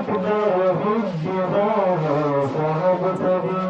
أكبر حجها فأبتغي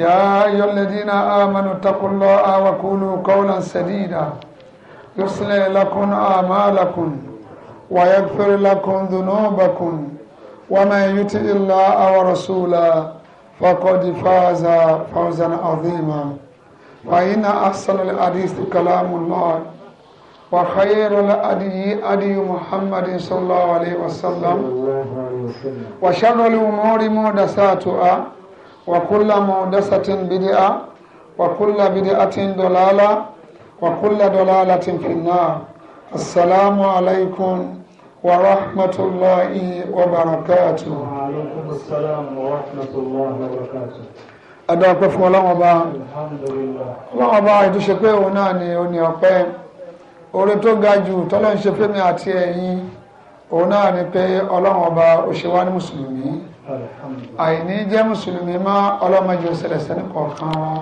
يا أيها الذين آمنوا اتقوا الله وقولوا قولا سديدا يصلح لكم أعمالكم ويغفر لكم ذنوبكم ومن يطع الله ورسوله فقد فاز فوزا عظيما فإن أحسن الحديث كلام الله وخير الأدي أدي محمد صلى الله عليه وسلم وشر الأمور محدثاتها وكل مهدسة بدعة وكل بدعة ضلالة وكل ضلالة في النار السلام عليكم ورحمة الله وبركاته وعليكم السلام ورحمة الله وبركاته Adáwọ̀pẹ́ fún ọlọ́wọ́n bá ọlọ́wọ́n bá ìtúnṣe pé òun náà ni ó ní ọpẹ́ oore tó ga jù tọ́lọ́ ń ṣe fẹ́mi àti ẹ̀yin òun náà ni pé ọlọ́wọ́n bá òṣèwá ní mùsùlùmí àìní jẹ́ mùsùlùmí má ọlọ́mọdé òṣèlẹ̀sẹ̀ ní kọ̀ọ̀kan wọn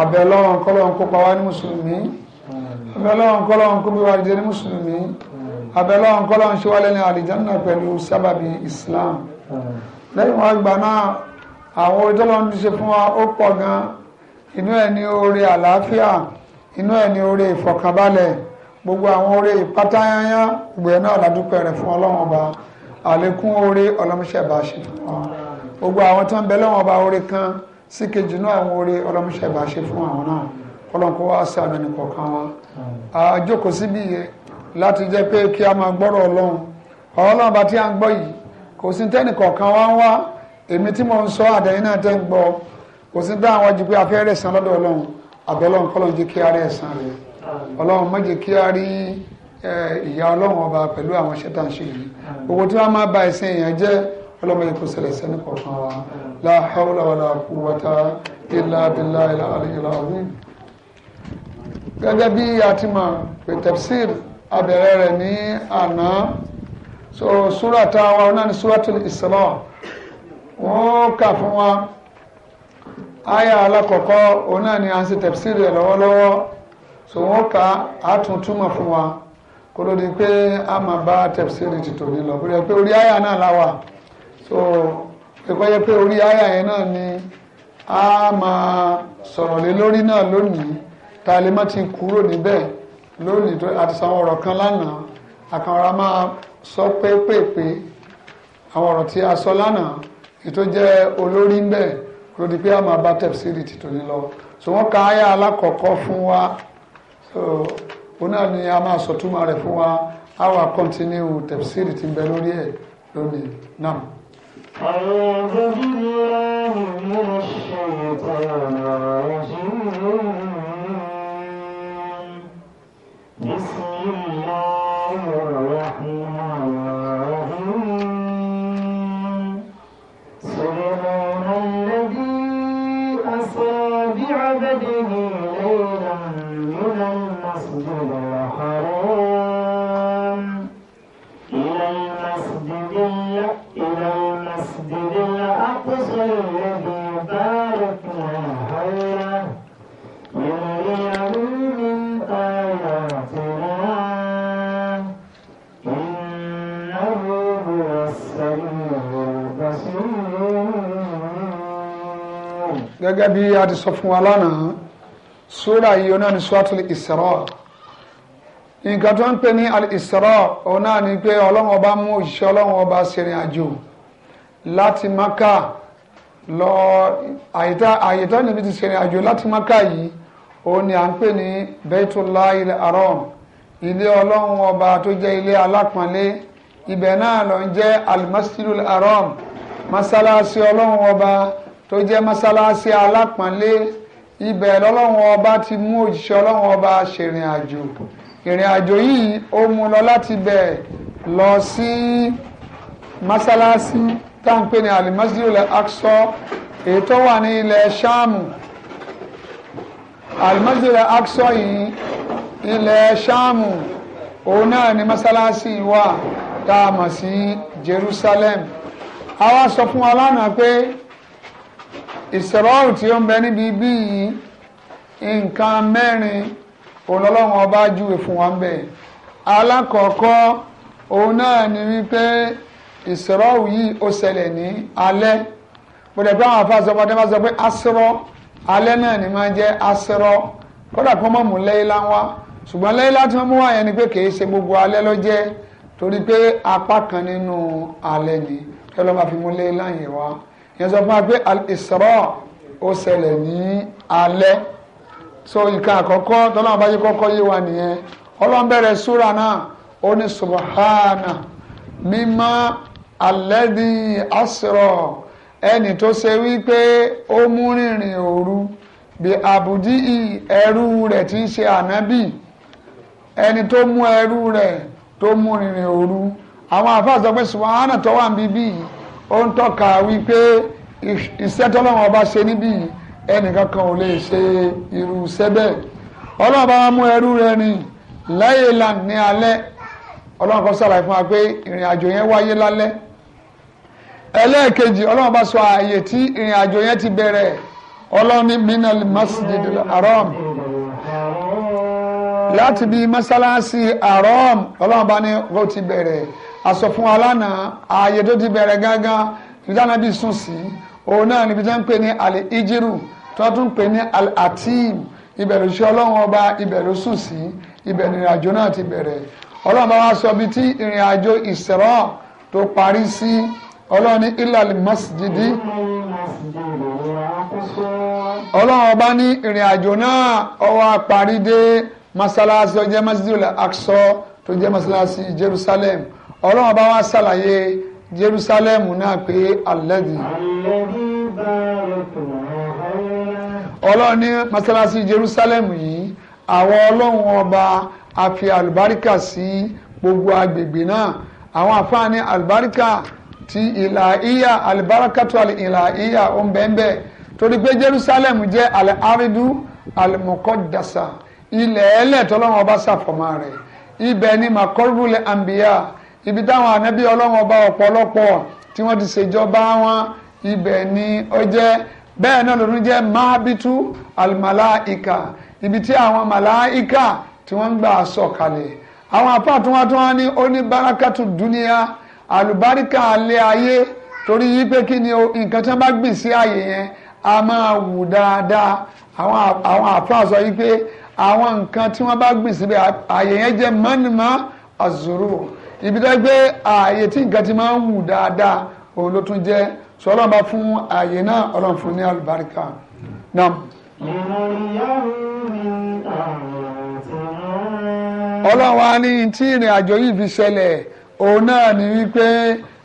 abẹ́ ọlọ́run kọ́lọ́run kó pa wá ní mùsùlùmí abẹ́ ọlọ́run kọ́lọ́run kó bí wá jẹ́ ní mùsùlùmí abẹ́ ọlọ́run ṣe wá lẹ́ni àlìjánná pẹ̀lú sábàbí Islam lẹ́yìn wọn gbà náà àwọn ojúlọ́run ti ṣe fún wa ó pọ̀ gan inú ẹ̀ ní oore àlàáfíà inú ẹ̀ ní oore ìfọ̀kànbalẹ̀ gbogbo àwọn oore ìpátáyányá gbogbo náà ládùúpẹ́ rẹ̀ fún ọlọ́run ọba àlékún oore ọlọ́múṣẹ́ bá ṣe fún wọn gbogbo àwọn tó ń bẹ lọ́wọ́n bá oore kan sí kejì náà àwọn oore ọlọ́múṣẹ́ bá ṣe fún àwọn náà ọlọ́nkọ́ wá sí àná nìkọ̀ọ̀kan wọn àjókòó síbí yẹn láti jẹ́ pé kí a máa gbọ́rọ̀ ọlọ́run ọlọ́run bá tí a ń gbọ́ yìí kò sí tẹ́nìkọ̀ọ̀kan wá ń wá èmi tí mo ń sọ àdéhìn náà tẹ́ ń gbọ́ kò sí pé àwọn jù pé a fẹ́ rẹ̀ san ọlọ́run ọba pẹ̀lú àwọn ṣẹ́tàǹṣe yìí gbogbo tí wọ́n máa ba ẹ̀sìn èèyàn jẹ́ ọlọ́mọdé kò ṣẹlẹ̀ sẹ́ni kọ̀ọ̀kan wa la hawla wala quwwata illa billahi al-aliyyil azim. gẹ́gẹ́ bí a ti mọ̀ pé tafsir abẹ̀rẹ̀ rẹ̀ ní àná so súrà tá a wà náà ní súratul Isra wọ́n kà fún wa aya alákọ̀ọ́kọ́ òun ni à ń ṣe tafsir rẹ̀ lọ́wọ́lọ́wọ́ so wọ́n kà á tún túmọ̀ fún wa kó ló di pé a máa bá tẹ̀síìrì tìtò ní lọ bóyá pé orí àyà náà láwà so pẹ̀kọ́ yẹ pé orí àyà yẹn náà ni a máa sọ̀rọ̀ lé lórí náà lónìí ta lè má ti kúrò níbẹ̀ lónìí tó àti sọ àwọn ọ̀rọ̀ kan lánàá àkànra máa sọ pépèpé àwọn ọ̀rọ̀ tí a sọ lánàá ètò jẹ́ olórí ń bẹ̀ kó pé a máa bá tẹ̀síìrì tìtò ní lọ so wọ́n ka àyà alákọ̀ọ́kọ́ fún wa so ó náà ni a máa sọ túmọ̀ rẹ̀ fún wa a wà kọ́ntínú tẹ̀síìrì ti bẹ lórí ẹ̀ lónìí náà. أعوذ بالله من الشيطان الرجيم بسم الله الرحمن الرحيم المسجد الحرام إلى المسجد إلى المسجد الأقصى الذي باركنا حوله لنريه من آياتنا إنه هو السميع البصير. gẹ́gẹ́ bí a ti sọ fún wa lánàá súrà yìí onáà ní suratul Isra nǹkan tó ń pè ní al-Isra onáà ní pé ọlọ́run ọba mú òṣìṣẹ́ ọlọ́run ọba ṣèrìn àjò láti Mákà lọ àyètá níbi ti ṣèrìn àjò láti Mákà yìí òun ni à ń pè ní Baitullahil Haram ilé ọlọ́run ọba tó jẹ́ ilé alápọ̀nlé ibẹ̀ náà ló ń jẹ́ almasjidul haram masalasi ọlọ́run ọba tó jẹ́ masalasi alápọ̀nlé ibẹ̀ lọ́lọ́run ọba ti mú òjíṣẹ́ ọlọ́run ọba ṣèrìn àjò ìrìn àjò yìí ó mú lọ láti bẹ̀ lọ sí mọ́sálásí táwọn pè ní alimasiru lẹ aksọ èyí tó wà ní ilẹ̀ ṣáàmù alimasiru lẹ aksọ yìí ilẹ̀ ṣáàmù òun náà ni mọ́sálásí wà tá a mọ̀ sí Jerusalem àwa sọ fún wa lánàá pé ìsọ̀rọ̀rù tí ó ń bẹ níbi bíi nǹkan mẹ́rin olọ́lọ́run ọba júwe fún wa ń bẹ̀ alákọ̀ọ́kọ́ òun náà ni wípé ìsọ̀rọ̀rù yìí ó ṣẹlẹ̀ ní alẹ́ bọ̀dẹ̀ pé àwọn afáàsọ pàdé máa sọ pé asọ́rọ̀ alẹ́ náà ni máa jẹ́ asọ́rọ̀ kódà kó mọ̀ mú lẹ́yìnlá wá ṣùgbọ́n lẹ́yìnlá tí wọ́n mú wá yẹn ni pé kì í ṣe gbogbo alẹ́ ló jẹ́ torí pé apá kan nínú alẹ́ ni kí ọlọ́mọ fi mú lẹ́yìnlá yẹn wá. yẹn sọ fún wa pé al ó ní so nǹkan akọkọ tọ́lọ́mọ bá kọ́kọ́ yé wa nìyẹn ọlọ́run sura náà ó ní subahana mímọ́ alẹ́bí asra ẹni tó ṣe wípé ó mú rìnrìn òru bí àbùdí ẹrú rẹ̀ ń ṣe ànábì ẹni tó mú ẹrú rẹ̀ tó mú rìnrìn òru àwọn àfáà sọ pé subahana yìí ó ń tọ́ka wípé iṣẹ́ tọ́lọ́wọ́n ọba ṣe níbí kan ò lè ṣe irú iṣẹ́ bẹ́ẹ̀ ọlọ́run bá mú rẹ ni láyé lan ní alẹ́ ọlọ́run kan sàlàyé fún wa pé ìrìn àjò yẹn wáyé lálẹ́ ẹlẹ́ẹ̀kejì ọlọ́run bá sọ ààyè tí ìrìn yẹn ti bẹ̀rẹ̀ ọlọ́run ní minal masjid haram láti bí mọ́sálásí haram ọlọ́run bá ní ó ti bẹ̀rẹ̀ aṣọ fún wa lánàá ààyè tó ti bẹ̀rẹ̀ gángan ìdáná bí sùn sí òun náà níbi tó ń pè ní àlè ìjírù tó tún pè ní àlè àtìm ìbẹ̀rù sí ọlọ́run ọba ìbẹ̀rù sùn sí ìbẹ̀rù ìrìn àjò náà ti bẹ̀rẹ̀ ọlọ́run bá wa sọ bí tí ìrìn ìsẹ̀rọ̀ tó parí sí ọlọ́run ní ilàlì masjidi ọlọ́run ọba ní ìrìn náà ọwọ́ parí dé masalasi tó jẹ́ masjidul masalasi Jerusalem ọlọ́run bá wá ṣàlàyé Jerusalem náà pé alẹ́dì. ọlọ́run ní masalasi Jerusalem yìí àwọn ọlọ́run ọba a fi àlùbáríkà sí gbogbo agbègbè náà àwọn àfáàní àlùbáríkà ti ìlà ìyá àlùbáríkà tó ìlà ìyá ó ń bẹ́ẹ̀ bẹ́ẹ̀ torí pé Jerusalem jẹ́ alẹ́ àrídú alimọkọdasa ilẹ̀ ẹlẹ́tọ́lọ́wọ́n ọba ṣàfọ̀mọ́ rẹ̀ ibẹ̀ ni makọ́rùbùlẹ̀ àǹbíyá ibi táwọn ànábì ọlọ́run ọba ọ̀pọ̀lọpọ̀ tí wọ́n ti ṣèjọba wọn ibẹ̀ ni ó jẹ́ bẹ́ẹ̀ náà lòdún jẹ́ mahabitu almalaika ibi tí àwọn malaika tí wọ́n ń gbà sọ̀kalẹ̀ àwọn apá tí wọ́n tún wá ní oníbárakàtú dúníà àlùbáríkà alẹ́ ayé torí yí pé kí ni nǹkan tí wọ́n bá gbìn sí àyè yẹn a máa wù dáadáa àwọn apá sọ yí pé àwọn nǹkan tí wọ́n bá gbìn síbẹ̀ àyè yẹn jẹ́ mọ́nìmọ́ àzùrù ibi tó gbé ààyè tí nǹkan ti máa ń wù dáadáa òun ló tún jẹ́ sọ ọlọ́run bá fún ààyè náà ọlọ́run fún ní àlùbáríkà náà. ọlọ́run wa ní tí ìrìn àjò yìí fi ṣẹlẹ̀ òun náà ní wípé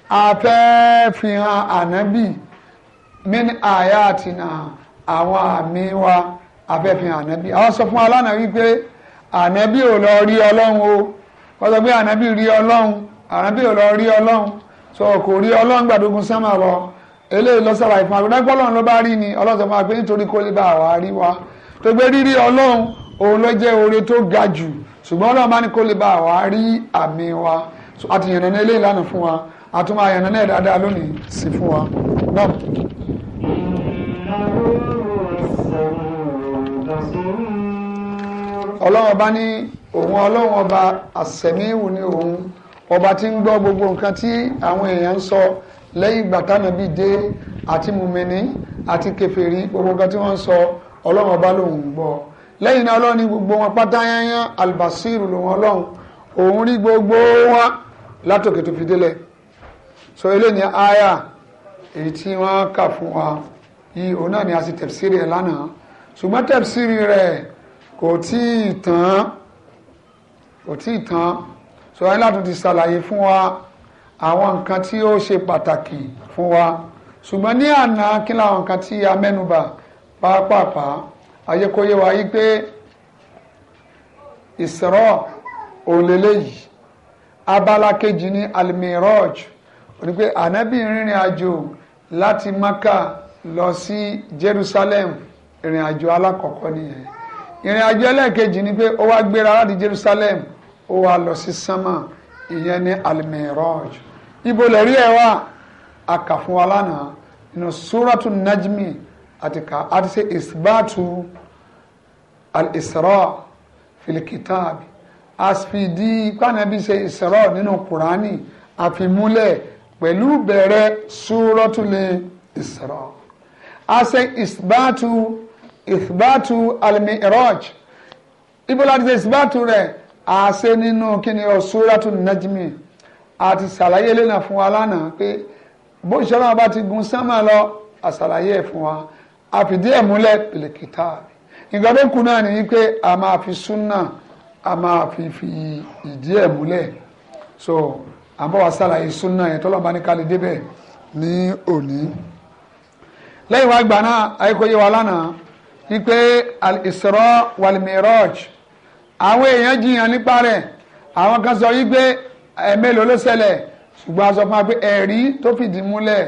a fẹ́ fi hàn ànábì min àyà àtìnà àwọn àmì wa a fẹ́ fi hàn ànábì àwọn sọ fún wa wípé ànábì ò lọ rí ọlọ́run o wọ́n sọ pé ànábì rí ọlọ́run ànábì ò lọ rí ọlọ́run so kò rí ọlọ́run gbàdógún sánmà lọ eléyìí lọ sára ìfún àgbẹ̀dá gbọ́lọ́run ló bá rí ni ọlọ́run sọ fún wa pé nítorí kó lè bá wa rí wa tó gbé rírí ọlọ́run òun ló jẹ́ oore tó ga jù ṣùgbọ́n ọlọ́run bá ní kó lè bá wa rí àmì wa àti yànnà eléyìí lánàá fún wa àtúmọ̀ àyànnà náà dáadáa lónìí sí fún wa náà. ọlọ́run ọba ní òun ọlọ́run ọba àsẹ̀míhù ni òun ọba tí ń gbọ́ gbogbo nǹkan tí àwọn èèyàn ń sọ lẹ́yìn ìgbà tánàbí dé àti mùmíní àti kèfèrí gbogbo nǹkan tí wọ́n ń sọ ọlọ́run ọba lòun ń gbọ́ lẹ́yìn náà ọlọ́run ní gbogbo wọn pátá yányán albasiru lòun ọlọ́run òun rí gbogbo wọn látòkè tó fi délẹ̀ so eléyìí ni aya èyí tí wọ́n kà fún wa yìí òun náà ni a sì tẹ̀síìrì rẹ̀ lánàá ṣùgbọ́n tẹ̀síìrì rẹ̀ kò tí tán kò tí ì tán so ayé láti ti ṣàlàyé fún wa àwọn nǹkan tí ó ṣe pàtàkì fún wa ṣùgbọ́n ní àná kí làwọn nǹkan tí a mẹ́nubà pápápá ayékòye wa yí pé ìsọ̀rọ̀ òlélẹ́ yìí abala kejì ní almiraj òní pé ànábì rìnrìn àjò láti maka lọ sí Jerusalem ìrìn àjò alákọ̀ọ́kọ́ nìyẹn ìrìn àjò ẹlẹ́ẹ̀kejì ni pé ó wá gbéra láti Jerusalem ó wá lọ sí sánmà ìyẹn ní almiraj ibo lè rí ẹ wá àkà fún wa lánàá nínú súrọ́tù najmi àti ká àti ṣe ìsbàtú al-isra filikitaabi asfidi pànàbí ṣe ìsra nínú kùránì àfimúlẹ̀ pẹ̀lú bẹ̀rẹ̀ súrọ́tù lè ìsra a ṣe ìsbàtú ìsbàtú ibo láti ṣe ìsbàtú rẹ̀ àṣẹ nínú kíni ọ sóràtún najmi àti ṣàlàyé lẹ́nà fún wa lánàá pé bó ìṣọ́nà bá ti gun sánmà lọ àṣàlàyé ẹ̀ fún wa àfìdí ẹ̀ múlẹ̀ pèlèkìtà nǹkan tó kù náà nìyí pé a máa fi súnà a máa fi fi ìdí ẹ̀ múlẹ̀ so àbọ̀ wa ṣàlàyé súnà yẹn tọ́lọ́ bá ní ká lè débẹ̀ ní òní lẹ́yìn wá gbà náà ayíkóyè wa lánàá wípé al-Isra wal-Miraj àwọn èèyàn jiyàn nípa rẹ̀ àwọn kan sọ wípé ẹ̀mélòó ló ṣẹlẹ̀ ṣùgbọ́n a sọ fún wa pé ẹ̀rí tó fìdí múlẹ̀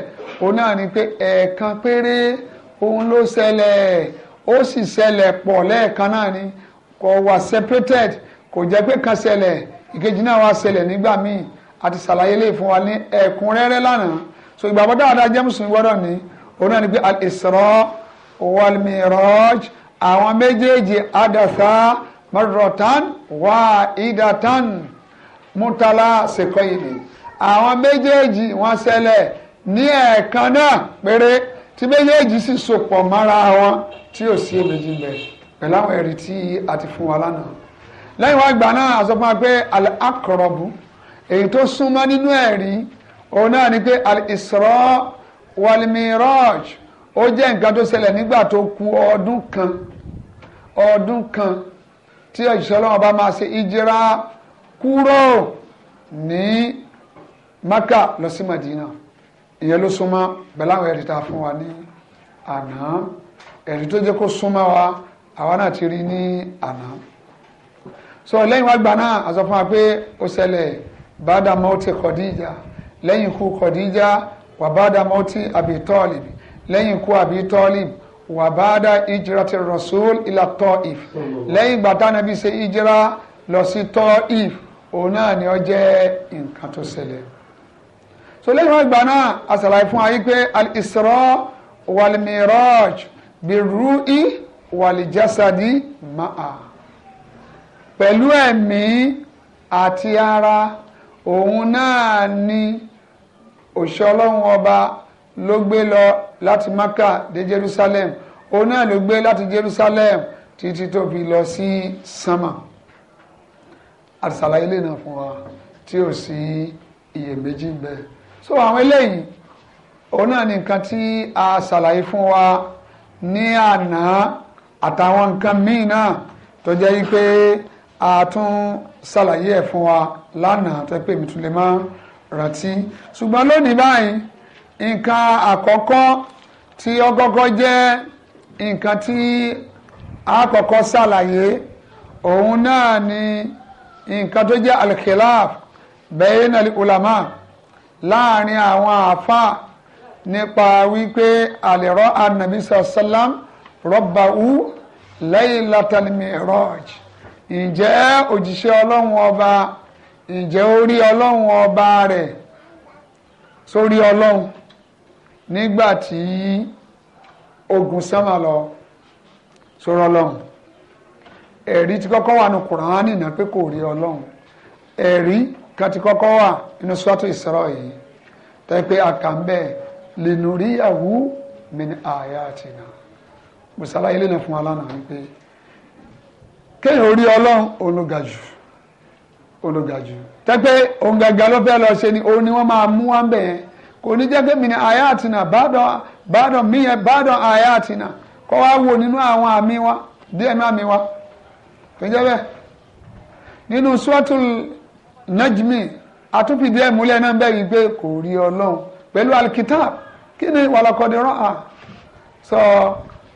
òun náà ni pé ẹ̀ẹ̀kan péré òun ló ṣẹlẹ̀ ó sì ṣẹlẹ̀ pọ̀ lẹ́ẹ̀kan náà ni kò wà separated kò jẹ́ pé kan ṣẹlẹ̀ ìkejì náà wá ṣẹlẹ̀ nígbà míì àti ṣàlàyé lè fún wa ní ẹ̀kúnrẹ́rẹ́ lánàá so ìgbàgbọ́ dáadáa jẹ́ mùsùlùmí gbọ́dọ̀ ní òun náà ni pé al-Isra wal àwọn méjèèjì adatha marrotan wahidatan mutalasiqaini àwọn méjèèjì wọ́n ṣẹlẹ̀ ní ẹ̀ẹ̀kan náà péré tí méjèèjì sì sopọ̀ mọ́ra wọn tí ò sí èméjì bẹ̀ pẹ̀lú àwọn ẹ̀rí tí a ti fún wa lánàá lẹ́yìn wá gbà náà a sọ fún wa pé al-aqrabu èyí tó súnmọ́ nínú ẹ̀rí òun náà ni pé al-isra wal-miraj ó jẹ́ nǹkan tó ṣẹlẹ̀ nígbà tó kù ọdún kan ọdún kan tí òjíṣẹ́ ọlọ́run bá máa ṣe ìjìra kúrò ní maka lọ sí madina ìyẹn ló súnmọ́ pẹ̀lú àwọn ẹ̀rí tá a fún wa ní àná ẹ̀rí tó jẹ́ kó súnmọ́ wa àwa náà ti rí ní àná so lẹ́yìn wá gbà náà a sọ fún wa pé ó ṣẹlẹ̀ bàdà mọ́tì kọ̀díjà lẹ́yìn ikú kọ̀díjà wà bàdà àbí tọ́ọ̀lì lẹ́yìn ikú àbí tọ́ọ̀lì wàbáàdà ìjírati rasul ilà Taif lẹ́yìn ìgbà tánàbí ṣe ìjírá lọ sí Taif òun náà ni ó jẹ́ nǹkan tó ṣẹlẹ̀ so lẹ́yìn wọn ìgbà náà àṣàlàyé fún ayé pé al-Isra wal-Miraj birru'i wal-jasadi ma'a pẹ̀lú ẹ̀mí àti ara òun náà ni òṣìṣẹ́ ọlọ́run ọba ló gbé lọ láti Maka dé Jerusalem òun náà ló gbé láti Jerusalem títí tó fi lọ sí sánmà àtìsàlàyé lè náà fún wa tí ò sí iyèméjì bẹ́ẹ̀ so àwọn eléyìí òun náà ni nǹkan tí a ṣàlàyé fún wa ní àná àtàwọn nǹkan míì náà tó jẹ́ wípé a tún ṣàlàyé ẹ̀ fún wa lánàá tó pé mi tún lè máa rántí ṣùgbọ́n lónìí báyìí nǹkan àkọ́kọ́ tí ó kọ́kọ́ jẹ́ nǹkan tí a kọ́kọ́ ṣàlàyé òun náà ni nǹkan tó jẹ́ al-khilaf bayna al-ulama láàrin àwọn àáfà nípa wípé àlèrọ ànàbí sàlám rọ́bàú laylatal miraj ǹjẹ́ òjíṣẹ́ ọlọ́run ọba ǹjẹ́ ó rí ọlọ́run ọba rẹ̀ sórí ọlọ́run n'ígbàtí ogun lọ sọ̀rọ̀ ọlọ́run ẹ̀rí tí kọ́kọ́ wà ní kùránì náà pé kò rí ọlọ́run ẹ̀rí kan ti kọ́kọ́ wà nínú sọ́tò ìsọ̀rọ̀ yìí tẹ́ pé àkàǹbẹ̀ lè rí àwú mi ní àyà fún wa lánàá wípé kéèyàn ọlọ́run olùgàjù olùgàjù tẹ́ pé ló kò ní jẹ́ pé mi ní bàdàn mi yẹn bàdàn ayatina kọ́ wa wo nínú àwọn àmì wa díẹ̀ ní àmì wa kò ní jẹ́ bẹ́ẹ̀ nínú suratul najmi àtúnfìdí ẹ̀ múlẹ̀ náà bẹ́ẹ̀ wípé kò rí ọlọ́run pẹ̀lú alikitab kí ni wàlọ́kọ̀dẹ́rán à sọ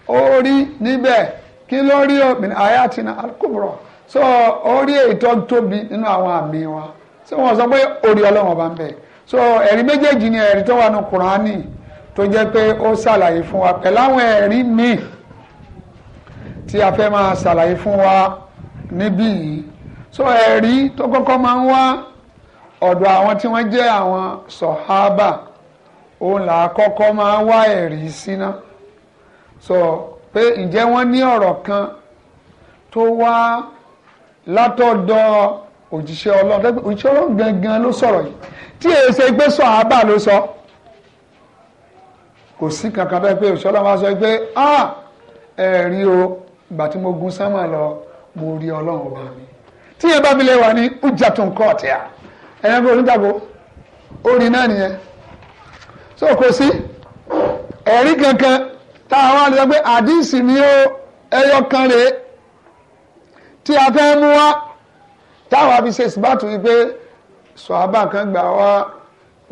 ó rí níbẹ̀ kí ló rí òmìnira ayatina alukóbùrọ̀ sọ ó rí èyí tó tóbi nínú àwọn àmì wa sọ wọn sọ pé ó rí ọlọ́run ọba ń bẹ̀ẹ́ so ẹ̀rí méjèèjì ni ẹ̀rí tó wà ní kùránì tó jẹ́ pé ó ṣàlàyé fún wa pẹ̀lú àwọn ẹ̀rí míì tí a fẹ́ máa ṣàlàyé fún wa níbí yìí so ẹ̀rí tó kọ́kọ́ máa ń wá ọ̀dọ̀ àwọn tí wọ́n jẹ́ àwọn sọ̀hábà òun là á kọ́kọ́ máa wá ẹ̀rí síná so pé ǹjẹ́ wọ́n ní ọ̀rọ̀ kan tó wá látọ̀dọ̀ òjíṣẹ́ ọlọ́run òjíṣẹ́ ọlọ́run gangan ló sọ̀rọ̀ yìí tí èyí ṣe gbé sọ àbá ló sọ kò sí kankan bẹ́ẹ̀ pé òṣèlú ọmọ sọ pé ẹ rí o ìgbà tí mo gun sánmà lọ mo rí ọlọ́run ọba mi tí èyí bá mi lè wà ní ujatun court ya ẹ̀yàn bí oníjàgbó orin náà nìyẹn so kò sí ẹ̀rí kankan tá a wá lè sọ pé àdìsí mi ó ẹyọ kan rèé tí a fẹ́ mú wá táwa fi ṣe ìsìbátù yìí pé sọ̀hábà kan gbà wá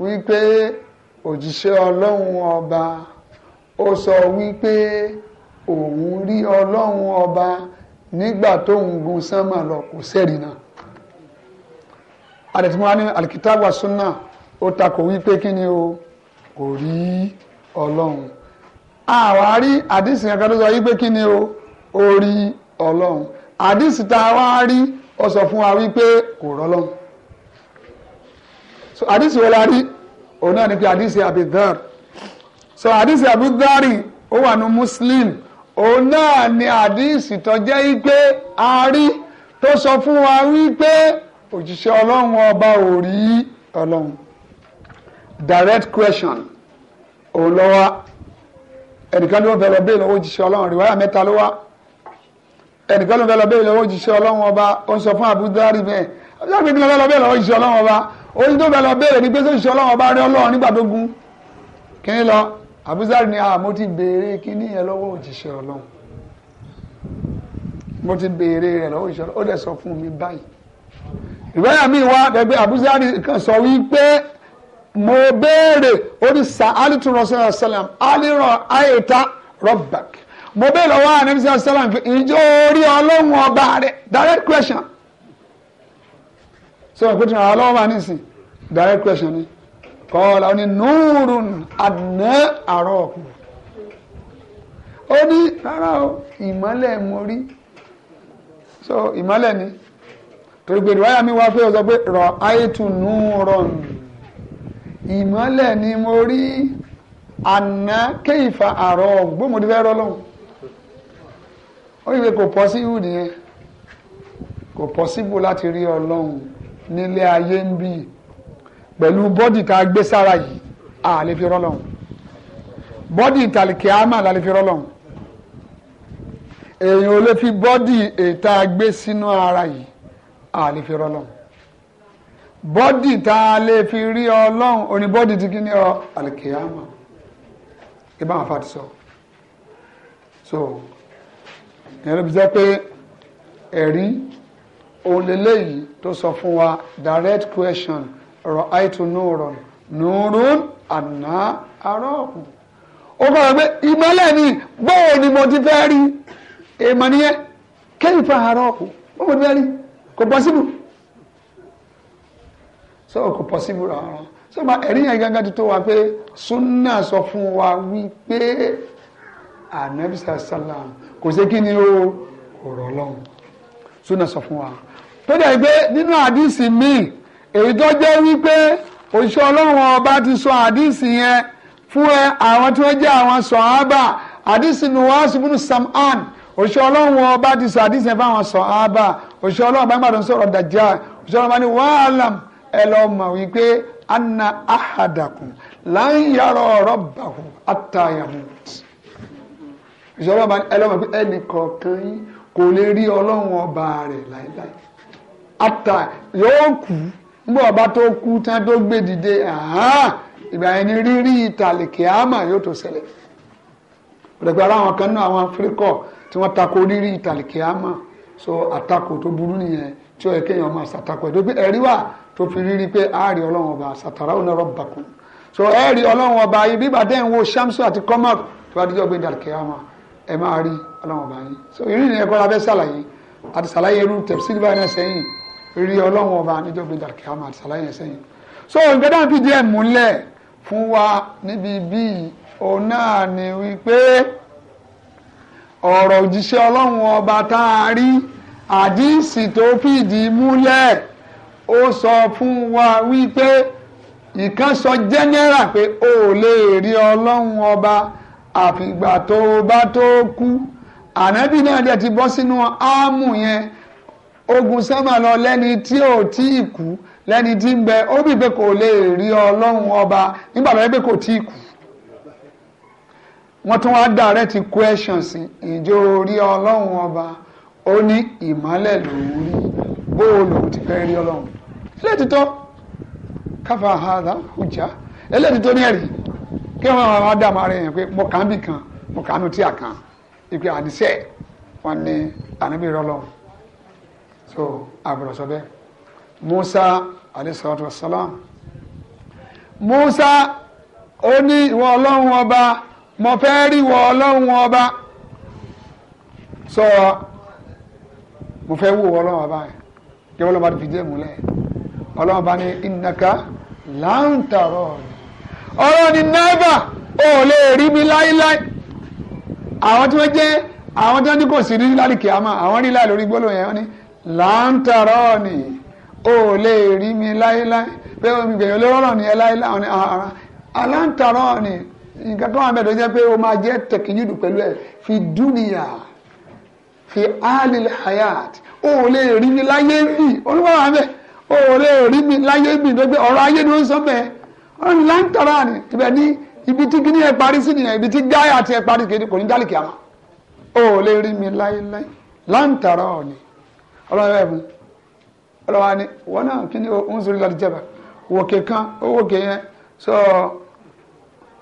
wípé òjíṣẹ́ ọlọ́run ọba ó sọ wípé òun rí ọlọ́run ọba nígbà tóun gun sánmà lọ kò sẹ́rì náà àdẹ̀tìmọ́ wa ní alikitaba sunna ó takò wípé kí ni o kò rí ọlọ́run àwárí àdìsí kankan tó sọ wípé kí ni o ó rí ọlọ́run àdìsí tá a wá rí ó sọ fún wa wípé kò rọ́lọ́run so àdìsí wọlé àdí òun náà ni pé àdìsí abidhar so àdìsí abudhari ó wà ní muslim òun náà ni àdìsí tó jẹ́ wípé a rí tó sọ fún wa wípé òjíṣẹ́ ọlọ́run ọba ò ọlọ́run direct question òun ló wá ẹnìkan ló fẹ́ lọ bẹ́ẹ̀ lọ́wọ́ òjíṣẹ́ ọlọ́run rí wáyà mẹ́ta ló wá ẹnìkan ló ń fẹ́ lọ bẹ́ẹ̀ lọ́wọ́ òjíṣẹ́ ọlọ́run ọba ó ń sọ fún abudari bẹ́ẹ̀ abudari kí ló fẹ́ lọ bẹ́ẹ̀ lọ́wọ́ òjíṣẹ́ ọlọ́run ọba oyin tó fẹ́ lọ béèrè ni pé sóṣìṣẹ́ ọlọ́run ọba rí ọlọ́run nígbà tó gun kínní lọ abudari ni ah mo ti béèrè kínní yẹn lọ́wọ́ òjíṣẹ́ ọlọ́run mo ti béèrè rẹ̀ lọ́wọ́ òjíṣẹ́ ọlọ́run ó dẹ̀ sọ fún mi báyìí ìwéyà mo béèrè ó sa alitu salam alirọ ayeta rọbak mo bẹ́ẹ̀ lọ́wọ́ ànábì sálàm pé ìjọ orí ọlọ́run ọba rẹ̀ direct question so ìpè tí wọn lọ́wọ́ bá nísìn direct question ni kọ́ọ̀lá ó ní nùúrùn àná àárọ̀ ọ̀kùnrin ó ní rárá o ìmọ́lẹ̀ mo rí so ìmọ́lẹ̀ ni torí pé ìwáyà mi wá pé o sọ pé rọ àìtù nùúrùn ìmọ́lẹ̀ ni mo rí àná kéìfà àárọ̀ ọ̀gbọ́n mo ti fẹ́ rọ́ lọ́hùn ó yẹ kò pọ́síbù nìyẹn kò pọ́síbù láti rí ọlọ́run nílé ayé ń bì pẹ̀lú bọ́dì tá a gbé sára yìí a lè fi rọ́lọ́run bọ́dì ìtàlìkẹ́ àmà la lè fi rọ́lọ́run èèyàn ò lè fi bọ́dì ètà gbé sínú ara yìí a lè fi rọ́lọ́run bọ́dì tá a lè fi rí ọlọ́run òní bọ́dì ti kí ni ọ àlìkẹ́ àmà ibà àfa ti sọ so. so ìyẹn ló fi jẹ́ pé ẹ̀rí òun lélẹ́yìí tó sọ fún wa direct question ọ̀rọ̀ àìtú nùrọ̀ nùrún àná arọ́ọ̀kù ó kọ́ ọ pé ìmọ̀lẹ̀ ni bóò ni mo ti fẹ́ rí èèmọ̀ nìyẹn kéyìn fún arọ́ọ̀kù bóò mo ti fẹ́ rí kò pọ́sibú so kò pọ́sibú rárá so ma ẹ̀rí yẹn gángan ti tó wa pé súnà sọ fún wa wípé ànábì sàlám kò sí kí ni ó ọ̀rọ̀ ọlọ́run súnà sọ fún wa tó dẹ̀ gbé nínú àdìsí míì èyí tó jẹ́ wípé òṣìṣẹ́ ọlọ́run ọba ti sọ àdìsí yẹn fún ẹ àwọn tí wọ́n jẹ́ àwọn sọ̀hábà àdìsí nuwaasi bùnú sam'an òṣìṣẹ́ ọlọ́run ọba ti sọ àdìsí yẹn fáwọn sọ̀hábà òṣìṣẹ́ ọlọ́run ọba nígbàdàn sọ̀rọ̀ dàjà òṣìṣẹ́ ọlọ́run ọba ní wàhálàm ẹ lọ mọ̀ wípé anna ahadakum láń yàrá rabbahu àtàyàmùtì ìṣọ́lá ọba ẹlọ́mọ pé ẹnì kọ̀ọ̀kan yín kò lè rí ọlọ́run ọba rẹ̀ láíláí ata yóò kú nígbà ọba tó kú tán tó gbé dìde ìgbà yẹn ni rírí ìtàlẹ̀kẹ́ àmà yóò tó ṣẹlẹ̀ pẹ̀lẹ́pẹ̀ ara àwọn kan náà àwọn afirikọ̀ tí wọ́n tako rírí ìtàlẹ̀kẹ́ àmà so àtakò tó burú nìyẹn tí ó yẹ kéèyàn máa ṣàtakò ẹ̀ tó pé ẹ̀rí wà tó fi rírí pé àárí ọlọ́run ọba ṣàtàrà òun ọ̀rọ̀ bàkún so ẹ̀rí ọlọ́run ọba yìí bí bàdẹ́ ń wo ṣámsù àti kọ́mọ̀kù tó bá dijọ́ gbé ìdàlẹ̀kẹ́ àmà ẹ máa rí ọlọ́run ọba yín so irú ìyẹn kọ́ la fẹ́ ṣàlàyé àti ṣàlàyé irú tẹ̀síìrì báyìí náà sẹ́yìn rí ọlọ́run ọba níjọ́ gbẹ̀dà kìámà àti ṣàlàyé yẹn sẹ́yìn so nǹkan dáhùn fìdí ẹ̀ múlẹ̀ fún wa níbi bíi òun náà ni wípé ọ̀rọ̀ òjíṣẹ́ ọlọ́run ọba tá a rí àdíìsì tó fìdí múlẹ̀ ó sọ fún wa wípé ìkan jẹ́nẹ́rà pé o ò lè rí ọlọ́run ọba àfìgbà tó bá tó kú ànábì náà dẹ̀ ti bọ́ sínú áàmù yẹn ogun sẹ́mà lọ lẹ́ni tí ò tí ì kú lẹ́ni tí ń bẹ ó bì pé kò lè rí ọlọ́run ọba nígbà tó yẹ pé kò tí ì kú wọ́n tún wá direct question ìjọ orí ọlọ́run ọba ó ní ìmọ́lẹ̀ lòún bóòlù ti fẹ́ rí ọlọ́run eléyìí tó káfà hàdá hùjá eléyìí tó ní ẹ̀rí kí wọn wá dààmú ara yẹn pé mo kàn mí kan mo kàn mí tí kan ìpè àníṣe wọn ní ànábì rọlọ so àbúrò sọ bẹ́ẹ̀ Musa alayisalaatu wasalaam Musa ó ní ìwọ Ọlọ́run ọba mo fẹ́ rí ìwọ Ọlọ́run ọba sọ mo fẹ́ wò Ọlọ́run ọba yẹn kí Ọlọ́run bá fi dé múlẹ̀ Ọlọ́run bá ní ìnaka láǹtàrọ ọ̀rọ̀ ni náírà ò lè rí mi láíláí àwọn tí wọ́n jẹ́ àwọn tí wọ́n ní kò sí rí lárí kìámà àwọn rí láì lórí gbólóhùn yẹn wọ́n ní láǹtàrọ̀ ni ò lè rí mi láíláí pé omi gbẹ̀yìn olóró ni ẹ láíláí àwọn ará aláǹtàrọ̀ ni nǹkan kan wà bẹ́ẹ̀ tó jẹ́ pé o máa jẹ́ tẹ̀kíyìdù pẹ̀lú ẹ̀ fi dúnìyà fi alil hayat o lè rí mi láyé bì olúwa wà bẹ́ẹ̀ o lè rí mi láyé bì lọ́gbẹ́ ọ̀rọ̀ ayé ni ó ń sọ bẹ́ẹ̀ wọ́n ní láńtọ́ra ni ibẹ̀ ní ibi tí gíní ẹ parí sí nìyẹn ibi tí gáyà ti ẹ parí kò ní dálìkì àmọ́ ó lè rí mi láéláé láńtọ́ra ni ọlọ́wọ́ ẹ̀ mú ọlọ́wọ́ ni wọ́n náà kí ni ó ń sori láti jẹba wòkè kan ó wòkè yẹn sọ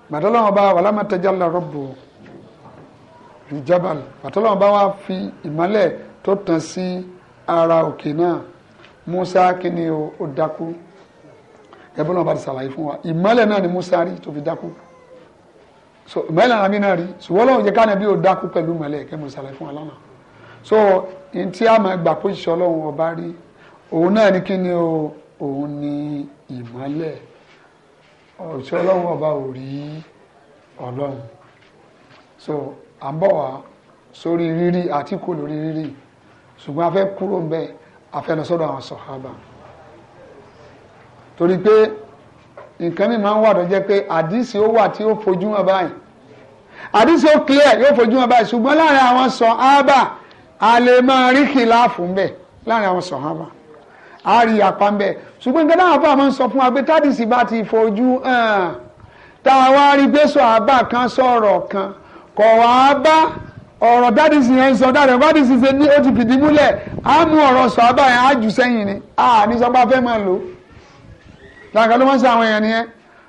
gbàtọ́lọ́wọ́ bá wà lámàtẹ́jà lọ́rọ́ bò ìjọba gbàtọ́lọ́wọ́ bá fi ìmọ́lẹ̀ tó tàn sí ara òkè náà Musa kí ni ó dákú ẹbí náà bá ti ṣàlàyé fún wa ìmọ́lẹ̀ náà ni Musa rí tó fi dákú so ìmọ́lẹ̀ náà mi náà rí ṣùgbọ́n lọ́wọ́ jẹ́ káàní bí ó dákú pẹ̀lú ìmọ́lẹ̀ kẹ́ mo ṣàlàyé fún wa lọ́nà so n tí a máa gbà pé ìṣọ́ ọlọ́run ọba rí òun náà ni kí ni o òun ni ìmọ́lẹ̀ ìṣọ́ ọlọ́run ọba ò rí ọlọ́run so à ń bọ̀ wá sórí rírí àti lórí rírí ṣùgbọ́n a fẹ́ kúrò ń bẹ́ẹ̀ a fẹ́ lọ sọ́dọ̀ àwọn sọ̀hábà torí pé nǹkan mi máa ń wà tó jẹ́ pé àdìsí ó wà tí ó fojú hàn báyìí àdìsí ó clear yóò fojú hàn báyìí ṣùgbọ́n láàrin àwọn sọ ábà a lè máa rí kìláàfù ń bẹ láàrin àwọn sọ ábà a rí apá ń bẹ ṣùgbọ́n nǹkan táwọn afáà máa ń sọ fún wa pé tádìsí bá ti fojú hàn tá a wá rí pé sọ ábà kan sọ̀rọ̀ kan kọ̀ wá bá ọ̀rọ̀ dádìsí yẹn sọ dáadáa dádìsí ṣe ní ó ti á mú ọ̀rọ̀ sọ ábà yẹn á jù sẹ́yìn ni àní sọ pé a fẹ́ máa lò ó làǹkà ló máa ń ṣe àwọn èèyàn nìyẹn